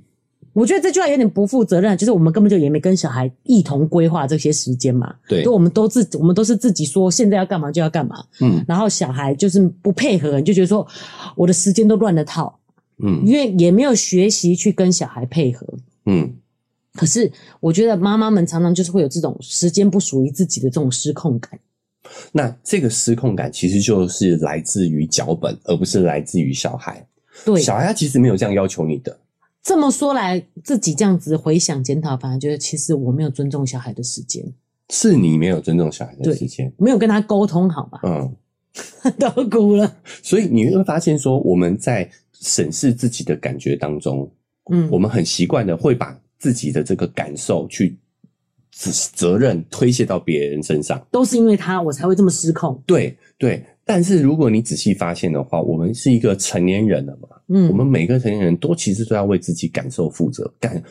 我覺得這句話有點不負責任，就是我們根本就也沒跟小孩一同規劃這些時間嘛。對，就我們都自我們都是自己說現在要幹嘛就要幹嘛，嗯，然後小孩就是不配合，你就覺得說我的時間都亂了套。嗯，因為也沒有學習去跟小孩配合。嗯，可是我覺得媽媽們常常就是會有這種時間不屬於自己的這種失控感。那這個失控感其實就是來自於腳本，而不是來自於小孩。對，小孩他其實沒有這樣要求你的。這麼說來，自己這樣子回想檢討，反而覺得其實我沒有尊重小孩的時間。是你沒有尊重小孩的時間，沒有跟他溝通好吧？嗯， 都哭了。所以你會發現說，我們在。審視自己的感覺當中，嗯，我們很習慣的會把自己的這個感受去責任推卸到別人身上，都是因為他，我才會這麼失控。對對，但是如果你仔細發現的話，我們是一個成年人了嘛，嗯，我們每個成年人都其實都要為自己感受負責，感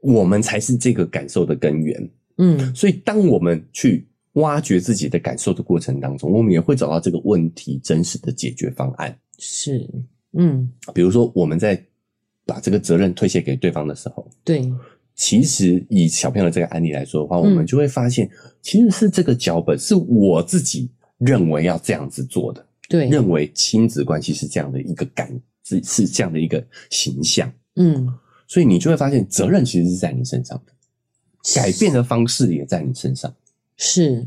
我們才是這個感受的根源，嗯，所以當我們去挖掘自己的感受的過程當中，我們也會找到這個問題真實的解決方案，是。嗯，比如說我們在把這個責任推卸給對方的時候，對，其實以小朋友的這個案例來說的話，嗯，我們就會發現，其實是這個腳本是我自己認為要這樣子做的，對，認為親子關係是這樣的一個感是是這樣的一個形象，嗯，所以你就會發現責任其實是在你身上的，改變的方式也在你身上，是。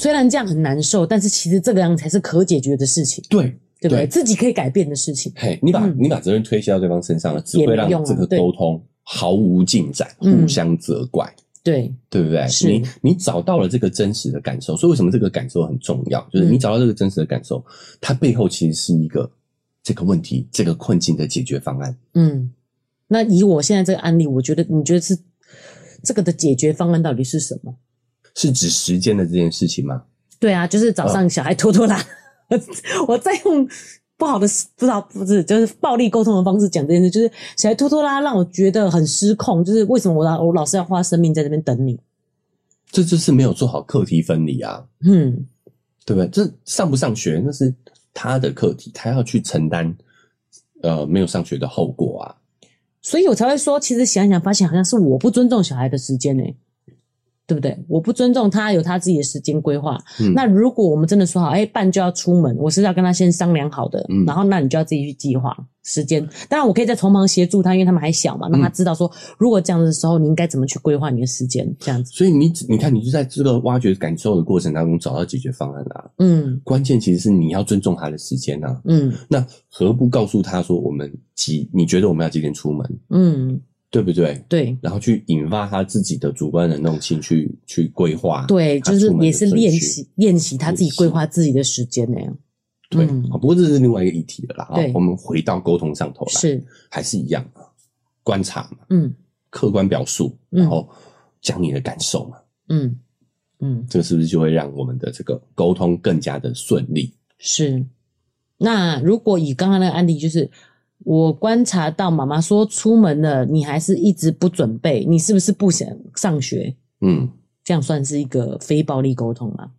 雖然這樣很難受，但是其實這個樣子才是可解決的事情，對，對不對？對。自己可以改變的事情。嘿、hey，你把、嗯、你把責任推卸到對方身上了，只會讓這個溝通、啊、毫無進展，互相責怪，嗯、對對不對？是。你你找到了這個真實的感受，所以為什麼這個感受很重要？就是你找到這個真實的感受，嗯、它背後其實是一個這個問題、這個困境的解決方案。嗯，那以我現在這個案例，我覺得你覺得是這個的解決方案到底是什麼？是指時間的這件事情嗎？對啊，就是早上小孩拖拖拉，呃、 我在用不好的、不好的就是暴力溝通的方式講這件事，就是小孩拖拖拉拉，讓我覺得很失控。就是為什麼我老我老是要花生命在這邊等你？這就是沒有做好課題分離啊。嗯，對不對？這、就是、上不上學那是他的課題，他要去承擔呃沒有上學的後果啊。所以我才會說，其實想想發現，好像是我不尊重小孩的時間呢、欸。對不對？我不尊重他有他自己的時間規劃。嗯，那如果我們真的說好，哎，半就要出門，我是要跟他先商量好的。嗯，然後那你就要自己去計劃時間。嗯、當然，我可以在從旁協助他，因為他們還小嘛，讓他知道說、嗯，如果這樣的時候，你應該怎麼去規劃你的時間。這樣子，所以你你看，你就在這個挖掘感受的過程當中找到解決方案啊。嗯，關鍵其實是你要尊重他的時間啊。嗯，那何不告訴他說，我們幾？你覺得我們要幾點出門？嗯。對不對？對，然後去引發他自己的主觀能動性去，去去規劃。對，就是也是練習練習他自己規劃自己的時間那樣，嗯。對，不過這是另外一個議題了啦。我們回到溝通上頭來，是還是一樣觀察嘛，嗯，客觀表述，嗯，然後講你的感受嘛，嗯嗯，這個是不是就會讓我們的這個溝通更加的順利？是。那如果以剛剛那個案例，就是。我觀察到媽媽說出門了，你還是一直不準備，你是不是不想上學？嗯，這樣算是一個非暴力溝通嗎？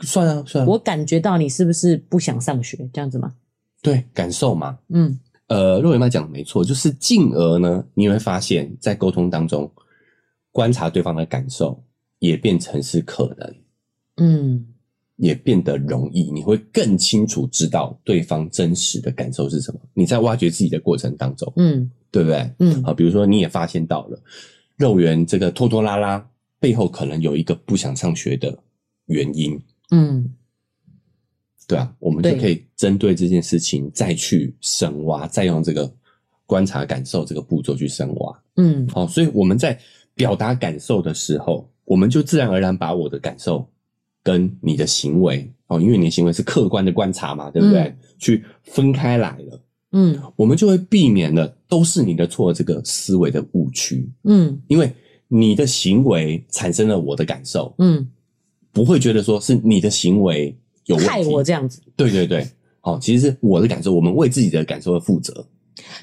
算啊算。我感覺到你是不是不想上學，這樣子嗎？對，感受嘛。嗯。呃，若妍媽講的沒錯，就是進而呢，你會發現在溝通當中，觀察對方的感受也變成是可能。嗯。也變得容易，你會更清楚知道對方真實的感受是什麼。你在挖掘自己的過程當中，嗯，對不對？嗯，好，比如說你也發現到了肉圓這個拖拖拉拉背後可能有一個不想上學的原因，嗯，對啊，我們就可以針對這件事情再去深挖，再用這個觀察感受這個步驟去深挖，嗯，好，所以我們在表達感受的時候，我們就自然而然把我的感受。跟你的行為哦，因為你的行為是客觀的觀察嘛，對不對？嗯，去分開來了。嗯，我們就會避免了，都是你的錯這個思維的誤區，嗯，因為你的行為產生了我的感受，嗯，不會覺得說是你的行為有害我這樣子，對對對，哦，其實是我的感受，我們為自己的感受而負責。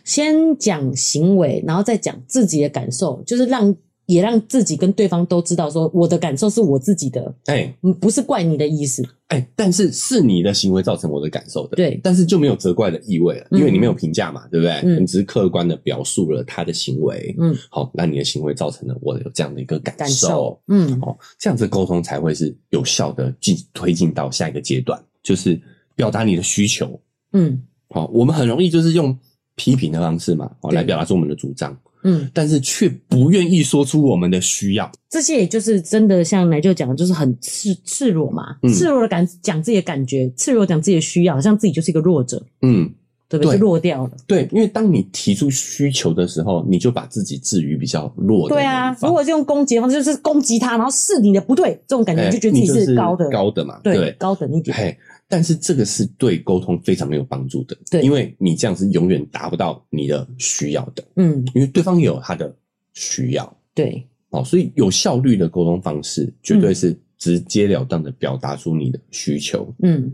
先講行為，然後再講自己的感受，就是讓。也讓自己跟對方都知道，說我的感受是我自己的，哎、欸，不是怪你的意思，哎、欸，但是是你的行為造成我的感受的，對，但是就沒有責怪的意味了，嗯、因為你沒有評價嘛，對不對、嗯？你只是客觀的表述了他的行為，嗯，好，那你的行為造成了我有這樣的一個感受，感受嗯，哦，這樣子溝通才會是有效的進推進到下一個階段，就是表達你的需求，嗯，好，我們很容易就是用批評的方式嘛，哦，來表達出我們的主張。嗯，但是卻不願意說出我們的需要。這些也就是真的像來就講，就是很赤赤裸嘛、嗯，赤裸的感講自己的感覺，赤裸講自己的需要，好像自己就是一個弱者。嗯，對不對？對，就弱掉了，對對。對，因為當你提出需求的時候，你就把自己置於比較弱的地方。對啊，如果是用攻擊的方式，就是攻擊他，然後是你的不對，這種感覺、欸、你就覺得自己是高的，是高的嘛，對，對，高等一點。欸但是這個是對溝通非常沒有幫助的，對，因為你這樣是永遠達不到你的需要的，嗯，因為對方有他的需要，對，好，所以有效率的溝通方式絕對是直截了當的表達出你的需求，嗯，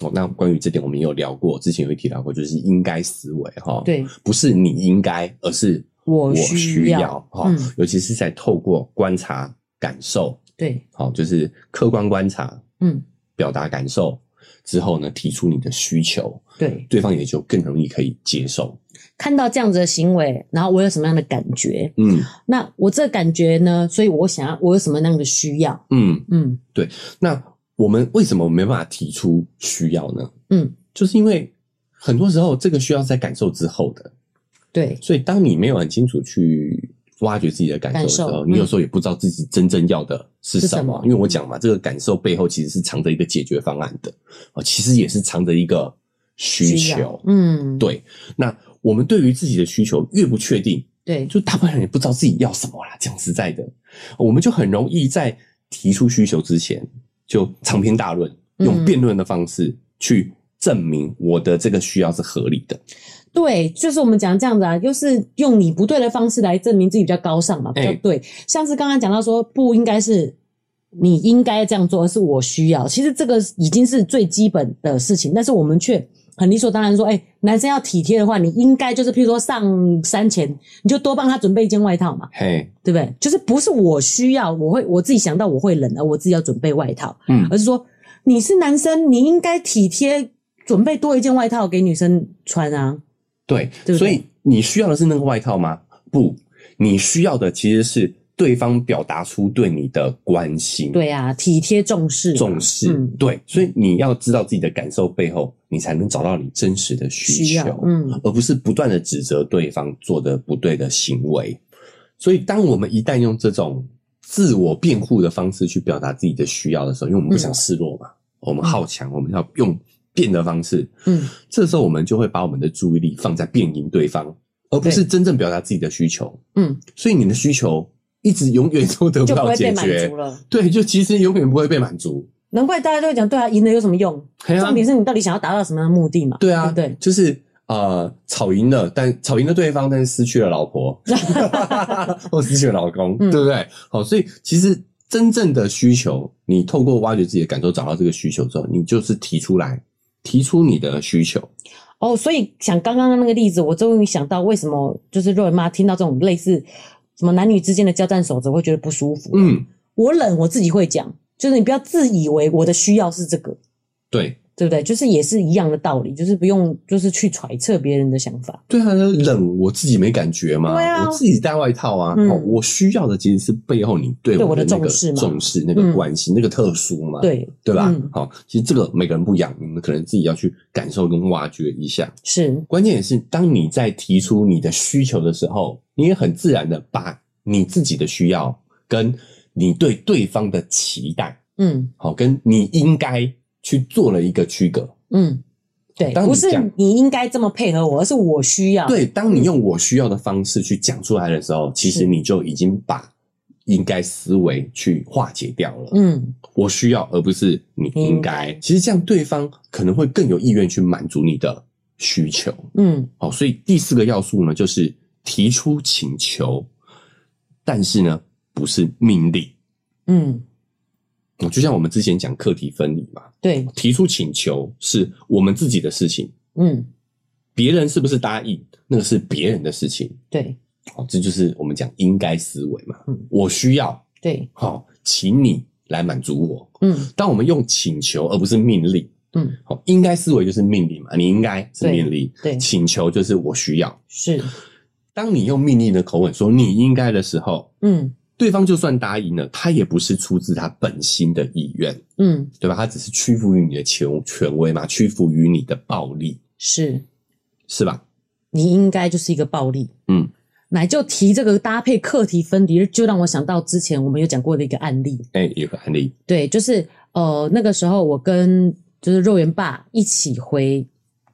哦，那關於這點我們也有聊過，之前有一提到過，就是應該思維，哈，對，不是你應該，而是我需要，哈、嗯，尤其是在透過觀察感受，對，好，就是客觀觀察，嗯，表達感受。之後呢，提出你的需求，對，對方也就更容易可以接受。看到這樣子的行為，然後我有什麼樣的感覺？嗯，那我這個感覺呢？所以我想要，我有什麼樣的需要？嗯嗯，對。那我們為什麼沒辦法提出需要呢？嗯，就是因為很多時候這個需要在感受之後的，對。所以當你沒有很清楚去挖掘自己的感受的時候，嗯，你有時候也不知道自己真正要的是什麼？因為我講嘛，這個感受背後其實是藏着一個解決方案的啊，其實也是藏着一個需求，需要。嗯，對。那我們對於自己的需求越不確定，對，就大部分人也不知道自己要什麼啦。講實在的，我們就很容易在提出需求之前就長篇大論、嗯，用辯論的方式去證明我的這個需要是合理的。對，就是我們講這樣子啊，就是用你不對的方式來證明自己比較高尚嘛。比較對。對、欸。像是剛剛講到說，不應該是。你應該這樣做，而是我需要。其實這個已經是最基本的事情，但是我們卻很理所當然說：“哎，男生要體貼的話，你應該就是，譬如說上山前，你就多幫他準備一件外套嘛，嘿，對不對？就是不是我需要，我會，我自己想到我會冷了，而我自己要準備外套，嗯，而是說你是男生，你應該體貼，準備多一件外套給女生穿啊，對，對不對？所以你需要的是那個外套嗎？不，你需要的其實是。對方表達出對你的關心，對啊，體貼重視重視，嗯，對，所以你要知道自己的感受背後，你才能找到你真實的需求，需要，嗯，而不是不斷的指責對方做的不對的行為。所以，當我們一旦用這種自我辯護的方式去表達自己的需要的時候，因為我們不想示弱嘛，嗯，我們好強，哦，我們要用辯的方式，嗯，這個時候我們就會把我們的注意力放在辯贏對方，而不是真正表達自己的需求，嗯，所以你的需求。一直永遠都得不到解決，不會被滿足了。對，就其實永遠不會被滿足。難怪大家都會講，對啊，贏了有什麼用啊？重點是你到底想要達到什麼樣的目的嘛？對啊，對，對，就是啊，呃，吵贏了，但吵贏了對方，但是失去了老婆， 或失去了老公，嗯、對不對？好，所以其實真正的需求，你透過挖掘自己的感受，找到這個需求之後，你就是提出來，提出你的需求。哦，所以想剛剛那個例子，我終於想到為什麼，就是若爾媽聽到這種類似。什麼男女之間的交戰守則會覺得不舒服？嗯，我冷，我自己會講，就是你不要自以為我的需要是這個。對。對不對？就是也是一樣的道理，就是不用，就是去揣測別人的想法。對啊，冷我自己沒感覺嘛，嗯、我自己帶外套啊、嗯。我需要的其實是背後你對我的那個重視、嗯、重視那個關係、嗯、那個特殊嘛。對，對吧？好、嗯，其實這個每個人不一樣，你們可能自己要去感受跟挖掘一下。是，關鍵也是當你在提出你的需求的時候，你也很自然的把你自己的需要跟你對對方的期待，嗯，好，跟你應該。去做了一個區隔，嗯，對，當你講，不是你應該這麼配合我，而是我需要。對，當你用我需要的方式去講出來的時候、嗯，其實你就已經把應該思維去化解掉了。嗯，我需要，而不是你應該。應該其實這樣，對方可能會更有意願去滿足你的需求。嗯，好、哦，所以第四個要素呢，就是提出請求，但是呢，不是命令。嗯，就像我們之前講課題分離嘛。對，提出請求是我們自己的事情。嗯，別人是不是答應，那個是別人的事情。對，這就是我們講應該思維嘛。嗯，我需要。對，好，請你來滿足我。嗯，當我們用請求而不是命令。嗯，好，應該思維就是命令嘛，你應該是命令。對，請求就是我需要。是，當你用命令的口吻說你應該的時候，嗯。對方就算答應了，他也不是出自他本心的意願，嗯，對吧？他只是屈服於你的權權威嘛，屈服於你的暴力，是，是吧？你應該就是一個暴力，嗯。那就提這個搭配課題分離，就讓我想到之前我們有講過的一個案例，誒、欸、有個案例，對，就是呃那個時候我跟就是肉圓爸一起回。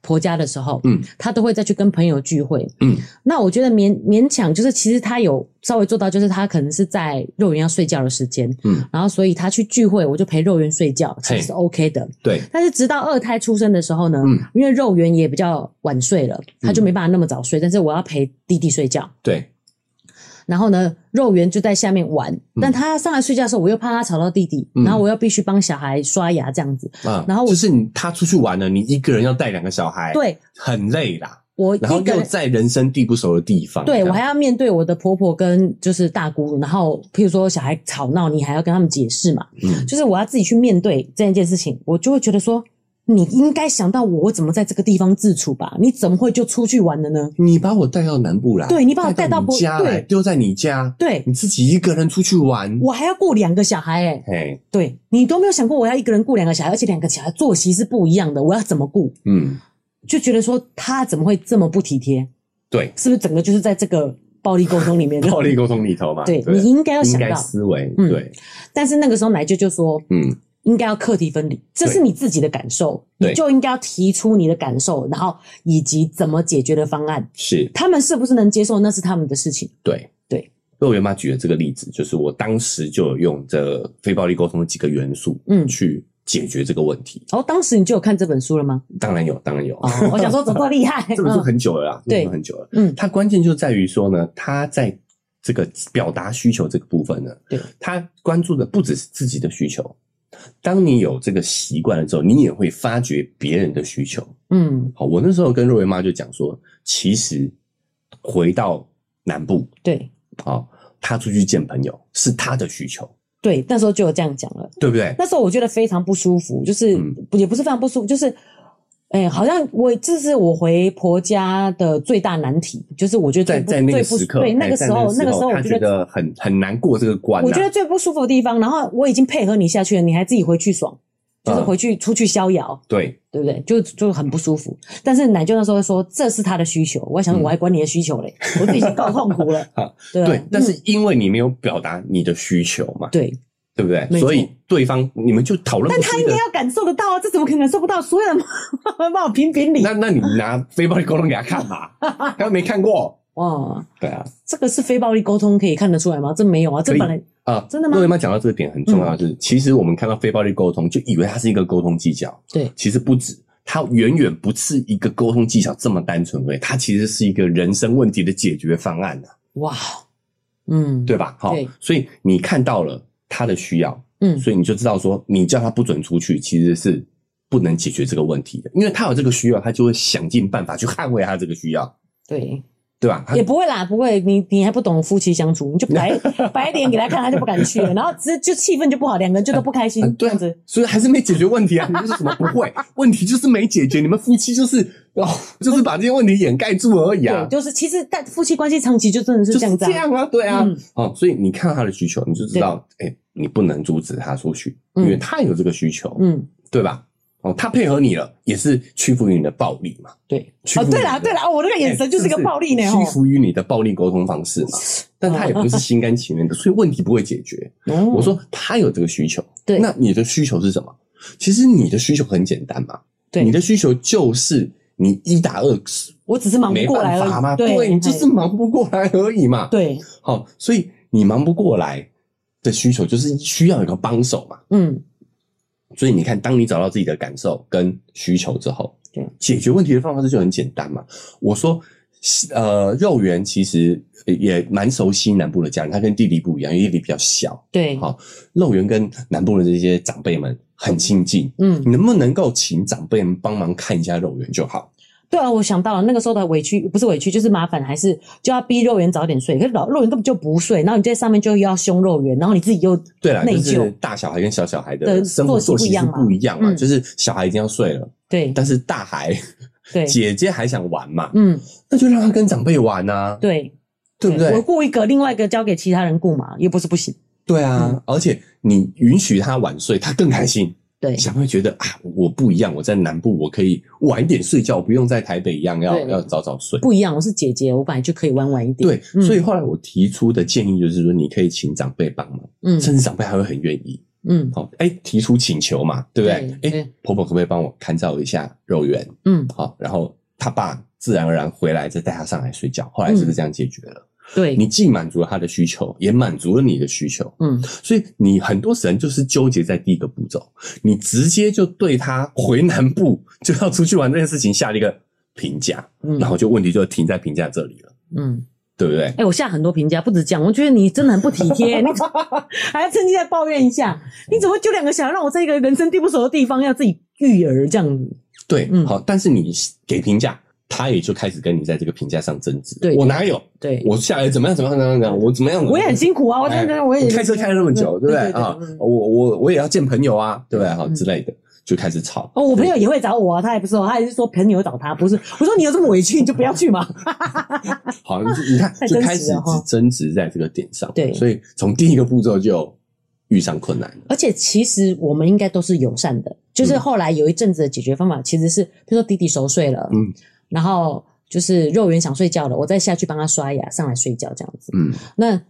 婆家的時候，嗯，他都會再去跟朋友聚會，嗯，那我覺得勉勉強就是其實他有稍微做到，就是他可能是在肉圓要睡覺的時間，嗯，然後所以他去聚會，我就陪肉圓睡覺，其實是 OK 的，對。但是直到二胎出生的時候呢，嗯，因為肉圓也比較晚睡了，他就沒辦法那麼早睡，嗯，但是我要陪弟弟睡覺，對。然後呢，肉圓就在下面玩，但他上來睡覺的時候，我又怕他吵到弟弟，嗯、然後我又必須幫小孩刷牙這樣子。啊、嗯，然後就是你他出去玩了，你一個人要帶兩個小孩，對，很累啦。我一個人，然後又在人生地不熟的地方，對，我還要面對我的婆婆跟就是大姑，然後譬如說小孩吵鬧，你還要跟他們解釋嘛、嗯，就是我要自己去面對這件事情，我就會覺得說。你應該想到我怎麼在這個地方自處吧？你怎麼會就出去玩了呢？你把我帶到南部來，對你把我帶到你家來，丟在你家對，對，你自己一個人出去玩，我還要顧兩個小孩、欸，誒、hey，對你都沒有想過我要一個人顧兩個小孩，而且兩個小孩作息是不一樣的，我要怎麼顧？嗯，就覺得說他怎麼會這麼不體貼？對，是不是整個就是在這個暴力溝通裡面？ 暴力溝通裡頭嘛，對，對你應該要想到思維、嗯，對。但是那個時候奶舅就，就說，嗯。應該要課題分離，這是你自己的感受，對，你就應該要提出你的感受，然後以及怎麼解決的方案是，他們是不是能接受，那是他們的事情。對對，肉圓媽舉的這個例子，就是我當時就有用這非暴力溝通的幾個元素，嗯，去解決這個問題。然後，哦，當時你就有看這本書了嗎？當然有，當然有。哦、我想說怎麼這麼厲害？ 這本書很久了啦，對，這本書很久了。嗯，它關鍵就在於說呢，它在這個表達需求這個部分呢，對。他關注的不只是自己的需求。當你有這個習慣了之後，你也會發覺別人的需求。嗯，好，我那時候跟若微媽就講說，其實回到南部，對，好，她出去見朋友是她的需求。對，那時候就有這樣講了，對不對？那時候我覺得非常不舒服，就是、嗯、也不是非常不舒服，就是。哎、欸，好像我這、就是我回婆家的最大難題，就是我覺得最不在在那個時刻，對、欸那個、那個時候，那個時候我覺得，覺得很很難過這個關、啊。我覺得最不舒服的地方，然後我已經配合你下去了，你還自己回去爽，就是回去、嗯、出去逍遙，對，對不對？就就很不舒服。但是奶舅那時候說這是他的需求，我想我還管你的需求嘞、嗯，我自己已經夠痛苦了啊！ 對、嗯，但是因為你沒有表達你的需求嘛，對。對不對？所以對方，你們就討論。但他應該要感受得到啊，這怎麼可能感受不到？所有人幫我評評理。那那你拿非暴力溝通給他看嘛？ 他沒看過。哇！對啊，這個是非暴力溝通可以看得出來嗎？這沒有啊，這本來啊、呃，真的嗎？各位媽講到這個點很重要？就、嗯、是，其實我們看到非暴力溝通，就以為它是一個溝通技巧。對，其實不止，它遠遠不是一個溝通技巧這麼單純而已。它其實是一個人生問題的解決方案、啊、哇！嗯，對吧？好，所以你看到了。他的需要，嗯，所以你就知道說，你叫他不准出去，嗯，其實是不能解決這個問題的，因為他有這個需要，他就會想盡辦法去捍衛他這個需要。對。對吧？也不會啦，不會，你你還不懂夫妻相處，你就白白點給他看， 他就不敢去了，然後這就氣氛，就不好，兩個人就都不開心，這樣子，所以還是沒解決問題啊！你說什麼 不會？問題就是沒解決， 你們夫妻就是哦，就是把這些問題掩蓋住而已啊。對，就是其實但夫妻關係長期就真的是這樣子啊，就是這樣啊，對啊、嗯，哦，所以你看他的需求，你就知道，哎、欸，你不能阻止他出去，因為他有這個需求，嗯，對吧？哦，他配合你了，也是屈服於你的暴力嘛？對，屈服於你的，哦對對哦、我那個眼神就是一個暴力呢，屈服於你的暴力溝通方式嘛。哦，但他也不是心甘情願的，哦，所以問題不會解決。哦。我說他有這個需求，對，那你的需求是什麼？其實你的需求很簡單嘛，對，你的需求就是你一打二，我只是忙不過來了嘛，對，對，就是忙不過來而已嘛，對。好，哦，所以你忙不過來的需求就是需要一個幫手嘛，嗯。所以你看，當你找到自己的感受跟需求之後，解決問題的方法是就很簡單嘛。我說，呃，肉圓其實也蠻熟悉南部的家人，他跟弟弟不一樣，因為弟弟比較小，對，好，肉圓跟南部的這些長輩們很親近，嗯，你能不能夠請長輩們幫忙看一下肉圓就好？對啊，我想到了，那個時候的委屈不是委屈，就是麻煩，還是就要逼肉圓早點睡。可是老肉圓根本就不睡，然後你在上面就要凶肉圓，然後你自己又內疚。對啦，就是大小孩跟小小孩的生活作息是不一樣嘛，嗯、就是小孩已經要睡了，對、嗯，但是大孩對姐姐還想玩嘛，嗯，那就讓他跟長輩玩啊，對，對不對？我顧一個，另外一個交給其他人顧嘛，也不是不行。對啊，嗯、而且你允許他晚睡，他更開心。對，想會覺得啊，我不一樣，我在南部，我可以晚一點睡覺，不用在台北一樣要要早早睡。不一樣，我是姐姐，我本來就可以晚晚一點。對、嗯，所以後來我提出的建議就是說，你可以請長輩幫忙，嗯，甚至長輩還會很願意，嗯，好、哦，哎，提出請求嘛，對不對？哎，婆婆可不可以幫我看照一下肉圓？嗯，好、哦，然後他爸自然而然回來，再帶他上來睡覺。後來就是這樣解決了。嗯對，你既滿足了他的需求，也滿足了你的需求。嗯，所以你很多時候就是糾結在第一個步驟，你直接就對他回南部就要出去玩這件事情下了一個評價，嗯，然後就問題就停在評價這裡了。嗯，對不對？哎、欸，我下很多評價，不止這樣，我覺得你真的很不體貼。 你還要趁機再抱怨一下，你怎麼就兩個小孩讓我在一個人生地不熟的地方要自己育兒這樣子？對，嗯，好，但是你給評價。他也就開始跟你在這個評價上爭執。對，對，對，我哪有？對，我下來怎麼，怎，麼怎，麼怎麼樣？怎麼樣？怎麼樣？我怎麼樣？我也很辛苦啊，我真真我也。哎、我開車開了那麼久，嗯、對不對，對，對，對啊？嗯、我我我也要見朋友啊，對不對？好、嗯、之類的，就開始吵。哦，哦我朋友也會找我啊，他也不是哦，他也是說朋友找他，不是我說你有這麼委屈， 你就不要去嘛。好，你 看 實 就開始是爭執在這個點上。對，所以從第一個步驟就遇上困難。而且其實我們應該都是友善的，就是後來有一陣子的解決方法、嗯、其實是，比如說弟弟熟睡了，嗯。然後就是肉圓想睡覺了，我再下去幫他刷牙，上來睡覺這樣子。嗯，那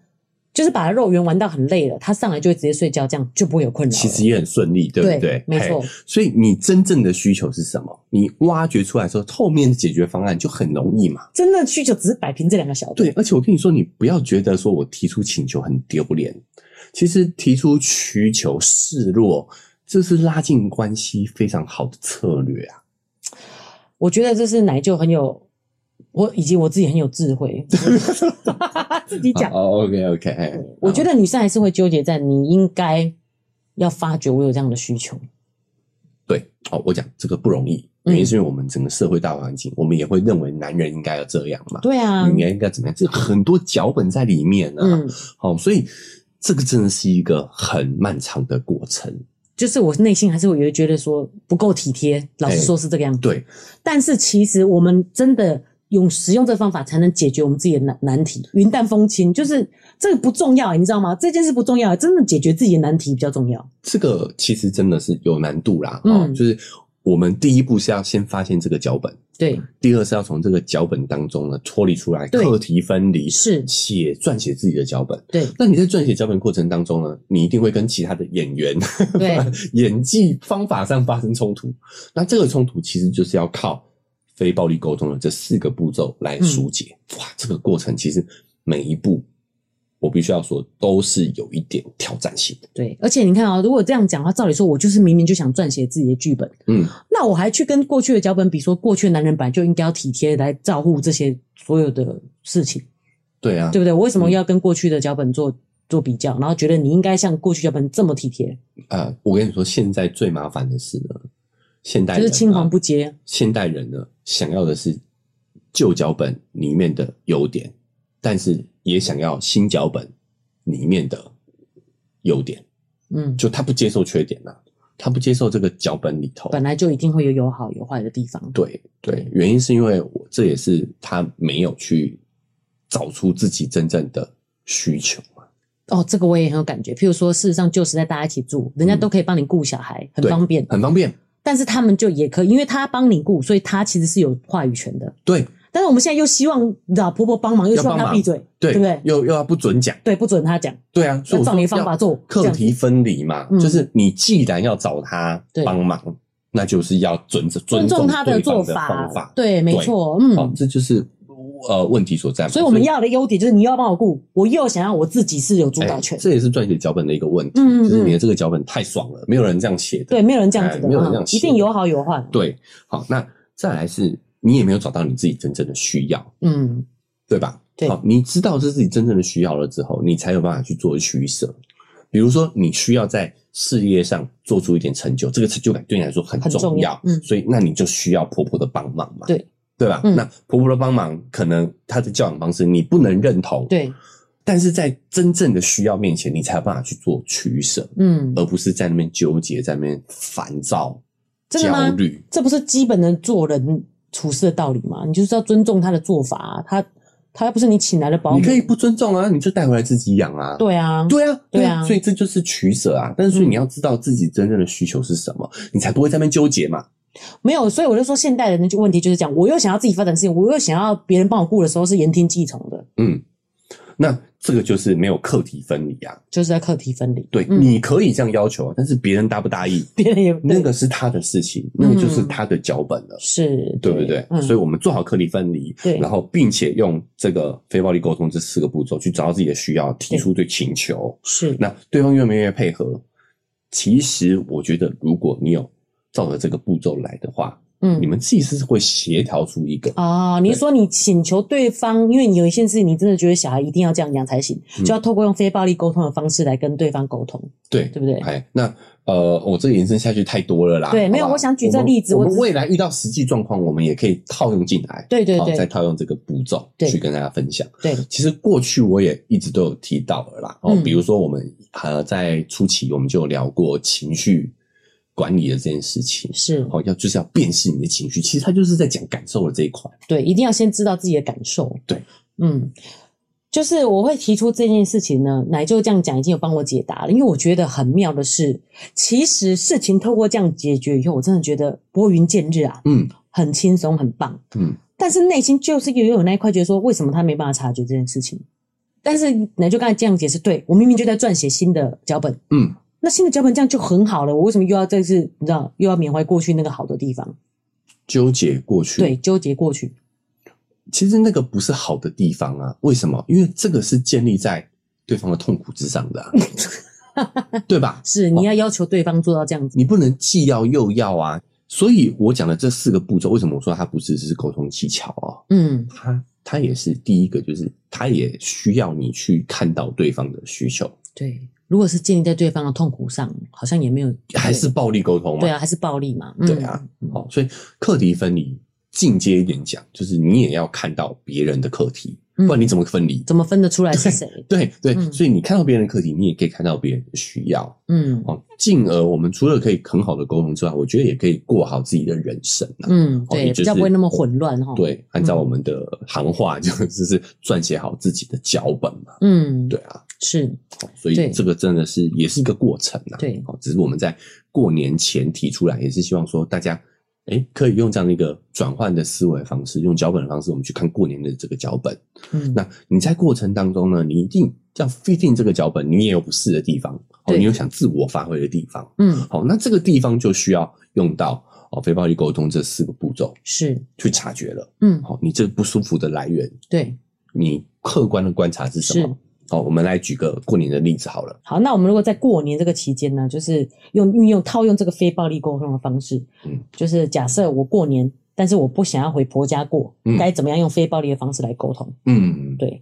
就是把肉圓玩到很累了，他上來就會直接睡覺，這樣就不會有困擾。其實也很順利，對不對？對，沒錯。Hey, 所以你真正的需求是什麼？你挖掘出來之後，後面的解決方案就很容易嘛。真的需求只是擺平這兩個小對，而且我跟你說，你不要覺得說我提出請求很丟臉，其實提出需求示弱，這是拉近關係非常好的策略啊。我覺得這是奶就很有，我以及我自己很有智慧，自己講。Oh, OK OK，我覺得女生還是會糾結在你應該要發覺我有這樣的需求。對，好，我講這個不容易，原因是因為我們整個社會大環境、嗯，我們也會認為男人應該要這樣嘛。對啊，女人應該怎麼樣？這很多腳本在裡面呢、啊。好、嗯，所以這個真的是一個很漫長的過程。就是我內心還是會覺得說不夠體貼，老實說是這個樣子、欸。對，但是其實我們真的用使用這個方法才能解決我們自己的難難題。雲淡風輕，就是這個不重要欸，你知道嗎？這件事不重要欸，真的解決自己的難題比較重要。這個其實真的是有難度啦，嗯，哦，就是。我們第一步是要先發現這個腳本，對。第二是要從這個腳本當中呢脫離出來，課題分離，是寫撰寫自己的腳本。對。那你在撰寫腳本過程當中呢，你一定會跟其他的演員，對， 演技方法上發生衝突。那這個衝突其實就是要靠非暴力溝通的這四個步驟來疏解。嗯。哇，這個過程其實每一步。我必須要說，都是有一點挑戰性的。對，而且你看啊、喔，如果這樣講的話，照理說，我就是明明就想撰寫自己的劇本，嗯，那我還去跟過去的腳本比說，說過去男人本就應該要體貼來照顧這些所有的事情，對啊，對不對？我為什麼要跟過去的腳本做、嗯、做比較，然後覺得你應該像過去腳本這麼體貼？呃，我跟你說，現在最麻煩的是，呢，現代人、啊、就是青黃不接，現代人呢想要的是舊腳本裡面的優點。但是也想要新腳本裡面的優點，嗯，就他不接受缺點吶、啊，他不接受這個腳本裡頭本來就一定會有有好有壞的地方。對對，對，原因是因為我這也是他沒有去找出自己真正的需求嘛。哦，這個我也很有感覺。譬如說，事實上就是在大家一起住，人家都可以幫你顧小孩、嗯，很方便，很方便。但是他們就也可以，因為他幫你顧，所以他其實是有話語權的。對。但是我們現在又希望找婆婆幫忙，又希望她閉嘴，對不對，對？又又要不准講，對，不准她講，對啊，所以找你的方法做課題分離嘛，就是你既然要找她幫忙、嗯，那就是要准尊重她的做法，對，對沒錯，嗯好，這就是呃問題所在。所以我們要的優點就是你要幫我顧，我又想要我自己是有主導權，欸、這也是撰寫腳本的一個問題，就嗯是嗯嗯你的這個腳本太爽了，沒有人這樣寫的，對，沒有人這樣子的，啊、沒有人這樣寫、啊，一定有好有壞，對。好，那再來是。你也沒有找到你自己真正的需要，嗯，對吧？對，好，你知道這是自己真正的需要了之後，你才有辦法去做取舍。比如說，你需要在事業上做出一點成就，這個成就感對你來說很重要，重要嗯，所以那你就需要婆婆的幫忙嘛，對，對吧？嗯、那婆婆的幫忙，可能她的教養方式你不能認同，對，但是在真正的需要面前，你才有辦法去做取舍，嗯，而不是在那邊糾結，在那邊煩躁、焦慮，這不是基本的做人。處事的道理嘛，你就是要尊重他的做法啊。他他又不是你請來的保姆，你可以不尊重啊，你就帶回來自己養啊，啊。對啊，對啊，對啊，所以這就是取捨啊。但是所以你要知道自己真正的需求是什麼，嗯、你才不會在那邊糾結嘛。沒有，所以我就說，現代人的問題就是講，我又想要自己發展事情，我又想要別人幫我顧的時候是言聽計從的。嗯，那。這個就是沒有課題分離啊，就是在課題分離。對，嗯、你可以這樣要求，但是別人答不答應，別人也那個是他的事情，那、嗯、個就是他的腳本了，是，對不對？嗯、所以，我們做好課題分離，對，然後並且用這個非暴力溝通這四個步驟去找到自己的需要，提出對請求，是。那對方願不願意配合？其實，我覺得如果你有照着這個步驟來的話。嗯，你們自己是會協調出一個啊？你說你請求對方，對，因為你有一些事情，你真的覺得小孩一定要這樣講才行，嗯，就要透過用非暴力溝通的方式來跟對方溝通，對對不對？哎，那呃，我、喔、這個、延伸下去太多了啦。對，沒有，我想舉這個例子我我，我們未來遇到實際狀況，我們也可以套用進來，對對對，喔，再套用這個步驟去跟大家分享對。對，其實過去我也一直都有提到了啦。喔嗯、比如說我們呃在初期我們就聊過情緒。管理的這件事情是好要，哦，就是要辨識你的情緒，其實他就是在講感受的這一塊。對，一定要先知道自己的感受。對，嗯，就是我會提出這件事情呢，乃就這樣講已經有幫我解答了，因為我覺得很妙的是，其實事情透過這樣解決以後，我真的覺得撥雲見日啊，嗯，很輕鬆，很棒，嗯。但是內心就是也有，有那一塊覺得說，為什麼他沒辦法察覺這件事情？但是乃就剛才這樣解釋，對，我明明就在撰寫新的腳本，嗯。那新的腳本這樣就很好了，我為什麼又要再次，你知道，又要緬懷過去那個好的地方？糾結過去，對，糾結過去。其實那個不是好的地方啊，為什麼？因為這個是建立在對方的痛苦之上的，啊， 對吧？是，你要要求對方做到這樣子，哦，你不能既要又要啊。所以我講的這四個步驟，為什麼我說它不是只是溝通技巧啊？嗯，它它也是第一個，就是它也需要你去看到對方的需求，對。如果是建立在對方的痛苦上，好像也沒有，還是暴力溝通嗎？對啊，還是暴力嘛？嗯、對啊。哦，所以課題分離進階一點講，就是你也要看到別人的課題，不然你怎麼分離、嗯，怎麼分得出來是誰？對對，對、嗯，所以你看到別人的課題，你也可以看到別人的需要。嗯，哦，進而我們除了可以很好的溝通之外，我覺得也可以過好自己的人生、啊、嗯，對、就是，比較不會那麼混亂哈、哦。對，按照我們的行話，就是撰寫好自己的腳本嘛。嗯，對啊。是，所以這個真的是也是個過程啦、啊。對，只是我們在過年前提出來，也是希望說大家，哎，可以用這樣的一個轉換的思維方式，用腳本的方式，我們去看過年的這個腳本。嗯，那你在過程當中呢，你一定要 fit in 這個腳本，你也有不適的地方，哦，你有想自我發揮的地方，嗯，好、哦，那這個地方就需要用到哦非暴力溝通這四個步驟，是去察覺了，嗯，好、哦，你這不舒服的來源，對你客觀的觀察是什麼？好、哦，我們來舉個過年的例子好了。好，那我們如果在過年這個期間呢，就是用運用套用這個非暴力溝通的方式，嗯，就是假設我過年，但是我不想要回婆家過，嗯、該怎麼樣用非暴力的方式來溝通？嗯，對，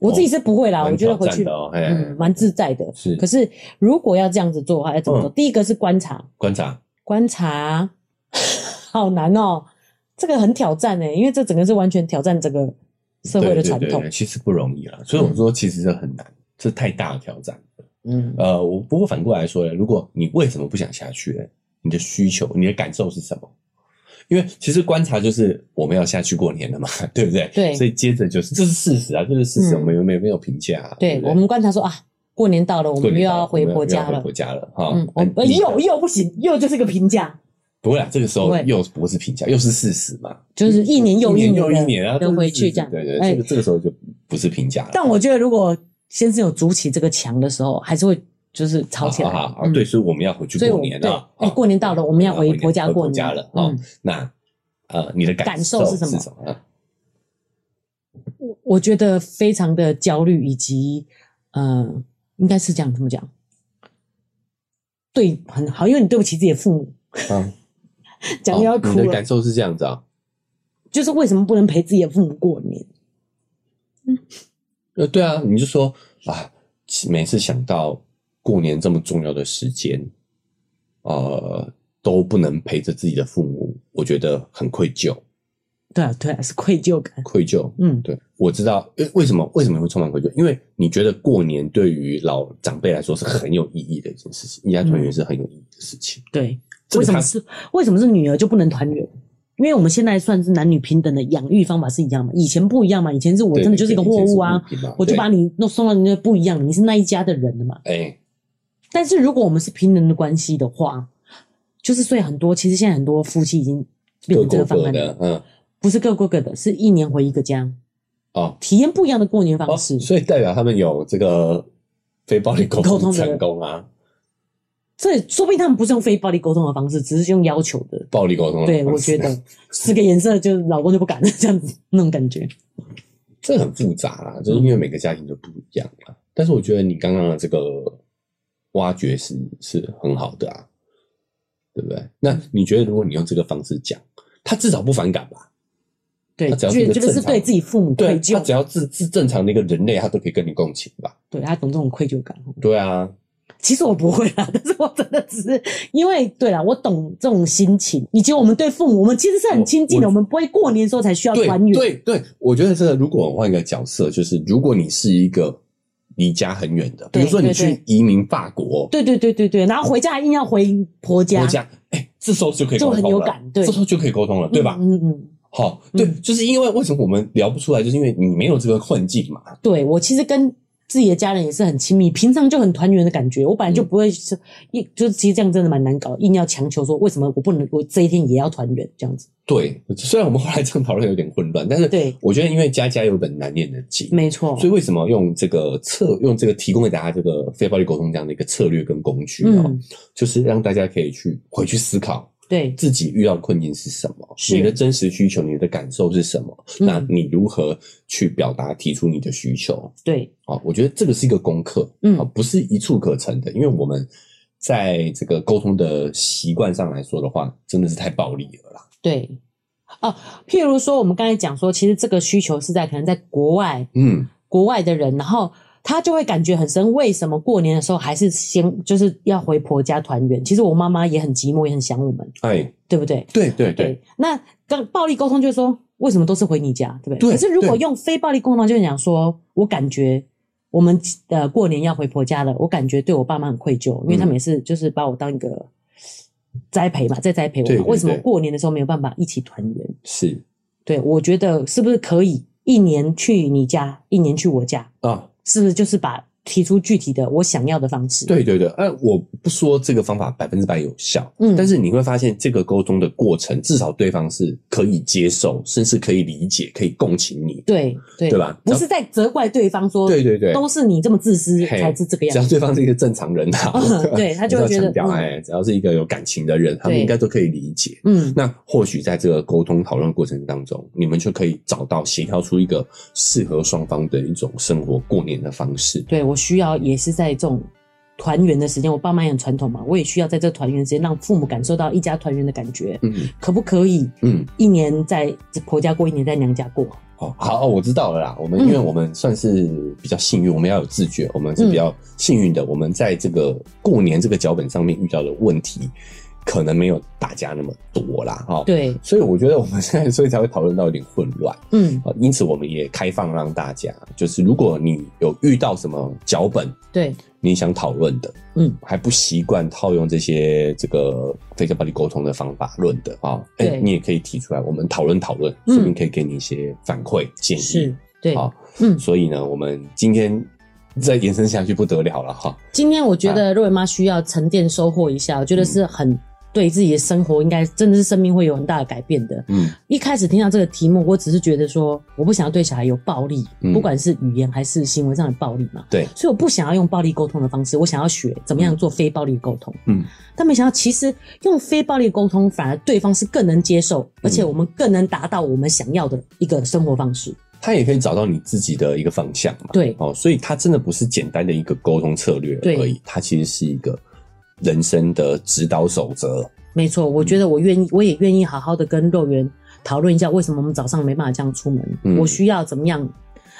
我自己是不會啦，哦、我覺得回去，哦、嘿嘿嗯，蠻自在的。是，可是如果要這樣子做的話，要怎麼做？嗯、第一個是觀察，觀察，觀察， 好難哦，這個很挑戰誒、欸，因為這整個是完全挑戰這個。社會的傳統，對對對對對，其實不容易了。嗯、所以我說其實是很難，嗯、這太大挑戰。嗯呃，我不過反過來說呢，如果你為什麼不想下去？你的需求，你的感受是什麼？因為其實觀察就是我們要下去過年了嘛，對不對？對。所以接着就是，這是事實啊，這是事實，嗯、我們沒沒有評價，啊對對。對，我們觀察說啊，過年到了，我們又要回國家了，了又回國家了哈，嗯啊。又又不行，又就是一個評價。不會啊，這個時候又不是評價，又是事實嘛。就是一年又一年，一年又一年啊，回去這樣。對對，對，這、欸、個這個時候就不是評價了。但我覺得，如果先生有築起這個牆的時候，還是會就是吵起來。好、哦哦哦，對、嗯，所以我，、哎所以我，哦哎、我們要回去過年了、哎。過年到了，我們要回婆家過年家了。哦嗯、那呃，你的感受是什麼？感受是什麼啊、我我覺得非常的焦慮，以及呃，應該是這樣怎麼講？對，很好，因為你對不起自己的父母。啊講要哭了，哦，你的感受是這樣子啊？就是為什麼不能陪自己的父母過年？嗯，呃，對啊，你就說啊，每次想到過年這麼重要的時間，呃，都不能陪着自己的父母，我覺得很愧疚。對啊，對啊，是愧疚感。愧疚，嗯，對，我知道。欸，為什麼？為什麼會充滿愧疚？因為你覺得過年對於老長輩來說是很有意義的一件事情，一家團圓是很有意義的事情。嗯，對。為什麼是、這個、為什麼是女兒就不能團圓？因為我們現在算是男女平等的養育方法是一樣嘛？以前不一樣嘛？以前是我真的就是一個貨物啊，以前以前我，我就把你弄送到人家不一樣，你是那一家的人了嘛？但是如果我們是平等的關係的話，就是所以很多其實現在很多夫妻已經變成這個方案了各各，嗯，不是各過各、各的，是一年回一個家，哦，體驗不一樣的過年方式，哦、所以代表他們有這個非暴力溝溝通成功啊。所以，說不定他們不是用非暴力溝通的方式，只是用要求的暴力溝通的方式。對，我覺得是，使個眼色，就老公就不敢這樣子，那種感覺。這很複雜啦，就是因為每個家庭都不一樣啦。嗯、但是，我覺得你剛剛的這個挖掘是是很好的啊，對不對？那你覺得，如果你用這個方式講，他至少不反感吧？對，他只要覺得、這個、是對自己父母愧疚，對，他只要是，是正常的一個人類，他都可以跟你共情吧？對，他懂這種愧疚感。對啊。其實我不會啦，但是我真的只是因為，對啦，我懂這種心情。以及我們對父母，我們其實是很親近的，我，我，我們不會過年的時候才需要團圓。對對，對，我覺得這個，如果我換一個角色，就是如果你是一個離家很遠的，比如說你去移民法國，對對對對對，然後回家還硬要回婆家，哦、婆家，哎、欸，這時候就可以溝通就很有感，對，這時候就可以溝通了，嗯、對吧？嗯嗯，好、哦，對、嗯，就是因為為什麼我們聊不出來，就是因為你沒有這個困境嘛。對我其實跟。自己的家人也是很親密，平常就很團圓的感覺。我本來就不會是，一、嗯、就是其實這樣真的蠻難搞，硬要強求說為什麼我不能，我這一天也要團圓這樣子。對，雖然我們後來這樣討論有點混亂，但是對，我覺得因為家家有本難念的經，沒錯。所以為什麼用這個策，用這個提供給大家這個非暴力溝通這樣的一個策略跟工具啊、嗯哦，就是讓大家可以去回去思考。對，自己遇到困境是什麼是？你的真實需求，你的感受是什麼？嗯、那你如何去表達、提出你的需求？對，我覺得這個是一個功課，嗯，不是一蹴可成的，因為我們在這個溝通的習慣上來說的話，真的是太暴力了啦。對，哦、啊，譬如說，我們剛才講說，其實這個需求是在可能在國外，嗯，國外的人，然後。他就會感覺很深，為什麼過年的時候還是先就是要回婆家團圓？其實我媽媽也很寂寞，也很想我們，哎，對不對？對對對，對。那跟暴力溝通就是說，為什麼都是回你家，對不對？對。可是如果用非暴力溝通的話就會講，就是講說我感覺我們的、呃、過年要回婆家了，我感覺對我爸媽很愧疚，因為他每次就是把我當一個栽培嘛，嗯、在栽培我，對對對。為什麼過年的時候沒有辦法一起團圓？是，對我覺得是不是可以一年去你家，一年去我家啊？是不是就是把？提出具體的我想要的方式。對對對，哎、呃，我不說這個方法百分之百有效，嗯，但是你會發現這個溝通的過程，至少對方是可以接受，甚至可以理解、可以共情你。對對，對吧？不是在責怪對方說，對對對，都是你這麼自私才是這個樣子。只要對方是一個正常人好、嗯，對，他就會覺得，愛、 嗯。只要是一個有感情的人，他們應該都可以理解。嗯，那或許在這個溝通討論過程當中，你們就可以找到協調出一個適合雙方的一種生活過年的方式。對。我需要也是在這種團圓的時間，我爸媽也很傳統嘛，我也需要在這團圓的時間讓父母感受到一家團圓的感覺，嗯，可不可以？嗯，一年在婆家過、嗯，一年在娘家過。哦、好，好、哦，我知道了啦。我們因為我們算是比較幸運、嗯，我們要有自覺，我們是比較幸運的、嗯。我們在這個過年這個腳本上面遇到了問題。可能沒有大家那麼多啦，哈，對，所以我覺得我們現在所以才會討論到有點混亂，嗯，因此我們也開放讓大家，就是如果你有遇到什麼腳本，對，你想討論的，嗯，還不習慣套用這些這個非暴力溝通的方法論的，啊、欸，哎，你也可以提出來，我們討論討論，順、嗯、便可以給你一些反饋建議，是，對，啊、喔，嗯，所以呢，我們今天再延伸下去不得了了，哈、喔，今天我覺得若瑞媽需要沉澱收穫一下，我覺得是很、嗯。對自己的生活應該真的是生命會有很大的改變的。嗯，一開始聽到這個題目，我只是覺得說，我不想要對小孩有暴力，嗯，不管是語言還是行為上的暴力嘛。對，所以我不想要用暴力溝通的方式，我想要學怎麼樣做非暴力溝通。嗯，但沒想到其實用非暴力溝通，反而對方是更能接受，而且我們更能達到我們想要的一個生活方式，嗯。他也可以找到你自己的一個方向嘛。對，哦，所以他真的不是簡單的一個溝通策略而已，對，他其實是一個。人生的指導守則。沒錯，我覺得我願意、嗯，我也願意好好的跟肉圓討論一下，為什麼我們早上沒辦法這樣出門？嗯、我需要怎麼樣？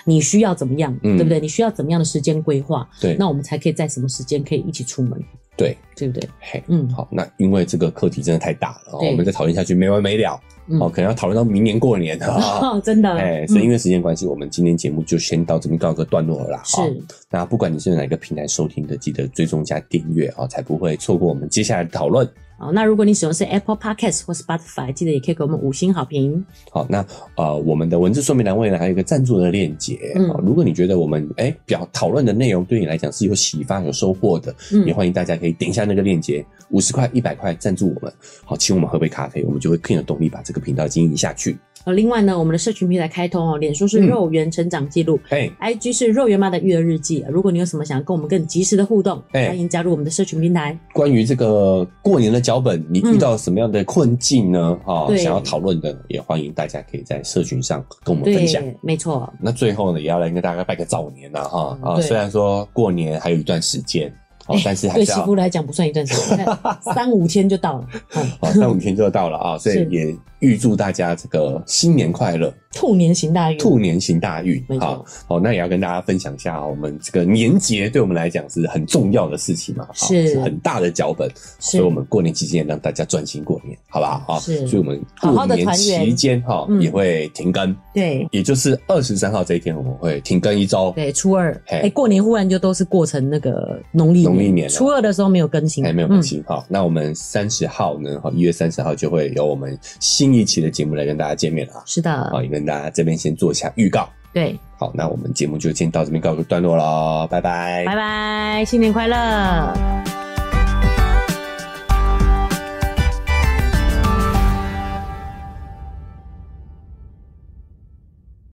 你需要怎麼樣？嗯、對不對？你需要怎麼樣的時間規劃？對，那我們才可以在什麼時間可以一起出門？對，對不對？嘿，嗯，好，那因為這個課題真的太大了，我們再討論下去沒完沒了，嗯、哦，可能要討論到明年過年了、嗯，哦，真的，哎、嗯，所以因為時間關係，我們今天節目就先到這邊告一個段落了，好。是、哦，那不管你是哪個平台收聽的，記得追蹤加訂閱啊，才不會錯過我們接下來的討論。哦，那如果你使用的是 Apple Podcast 或 Spotify，記得也可以給我們五星好評。好、哦，那呃，我們的文字說明欄位呢，還有一個贊助的鏈接。嗯、哦，如果你覺得我們哎表討論的內容對你來講是有啟發、有收穫的、嗯，也歡迎大家。可以點一下那個鏈接，五十塊、一百塊贊助我們，好，請我們喝杯咖啡，我們就會更有動力把這個頻道經營下去。另外呢，我們的社群平台開通哦，臉書是肉圓成長記錄，哎、嗯，IG 是肉圓媽的育兒日記。如果你有什麼想要跟我們更及時的互動，歡迎加入我們的社群平台。關於這個過年的腳本，你遇到什麼樣的困境呢？哈、嗯哦，想要討論的，也歡迎大家可以在社群上跟我們分享。對，沒錯。那最後呢，也要來跟大家拜個早年了哈啊、哦嗯，雖然說過年還有一段時間。哦，但是，還是，欸、對媳婦來講不算一段時間， 三五天就到了。好，三五天就到了啊，所以也。預祝大家這個新年快樂，兔年行大運，兔年行大運，好，好，哦，那也要跟大家分享一下，我們這個年節對我們來講是很重要的事情嘛，是，哦，是很大的腳本，所以我們過年期間讓大家專心過年，好不好啊？是，所以我們過年的期間哈也會停更，嗯，對，也就是二十三號這一天我們會停更一周，對，初二，哎，過年忽然就都是過成那個農曆農曆年了，初二的時候沒有更新，哎，沒有更新，好，嗯嗯，那我們三十號呢，好，一月三十號就會有我們新。一期的節目來跟大家見面了啊！是的，好，也跟大家這邊先做一下預告。對，好，那我們節目就先到這邊告一段落了，拜拜，拜拜，新年快樂。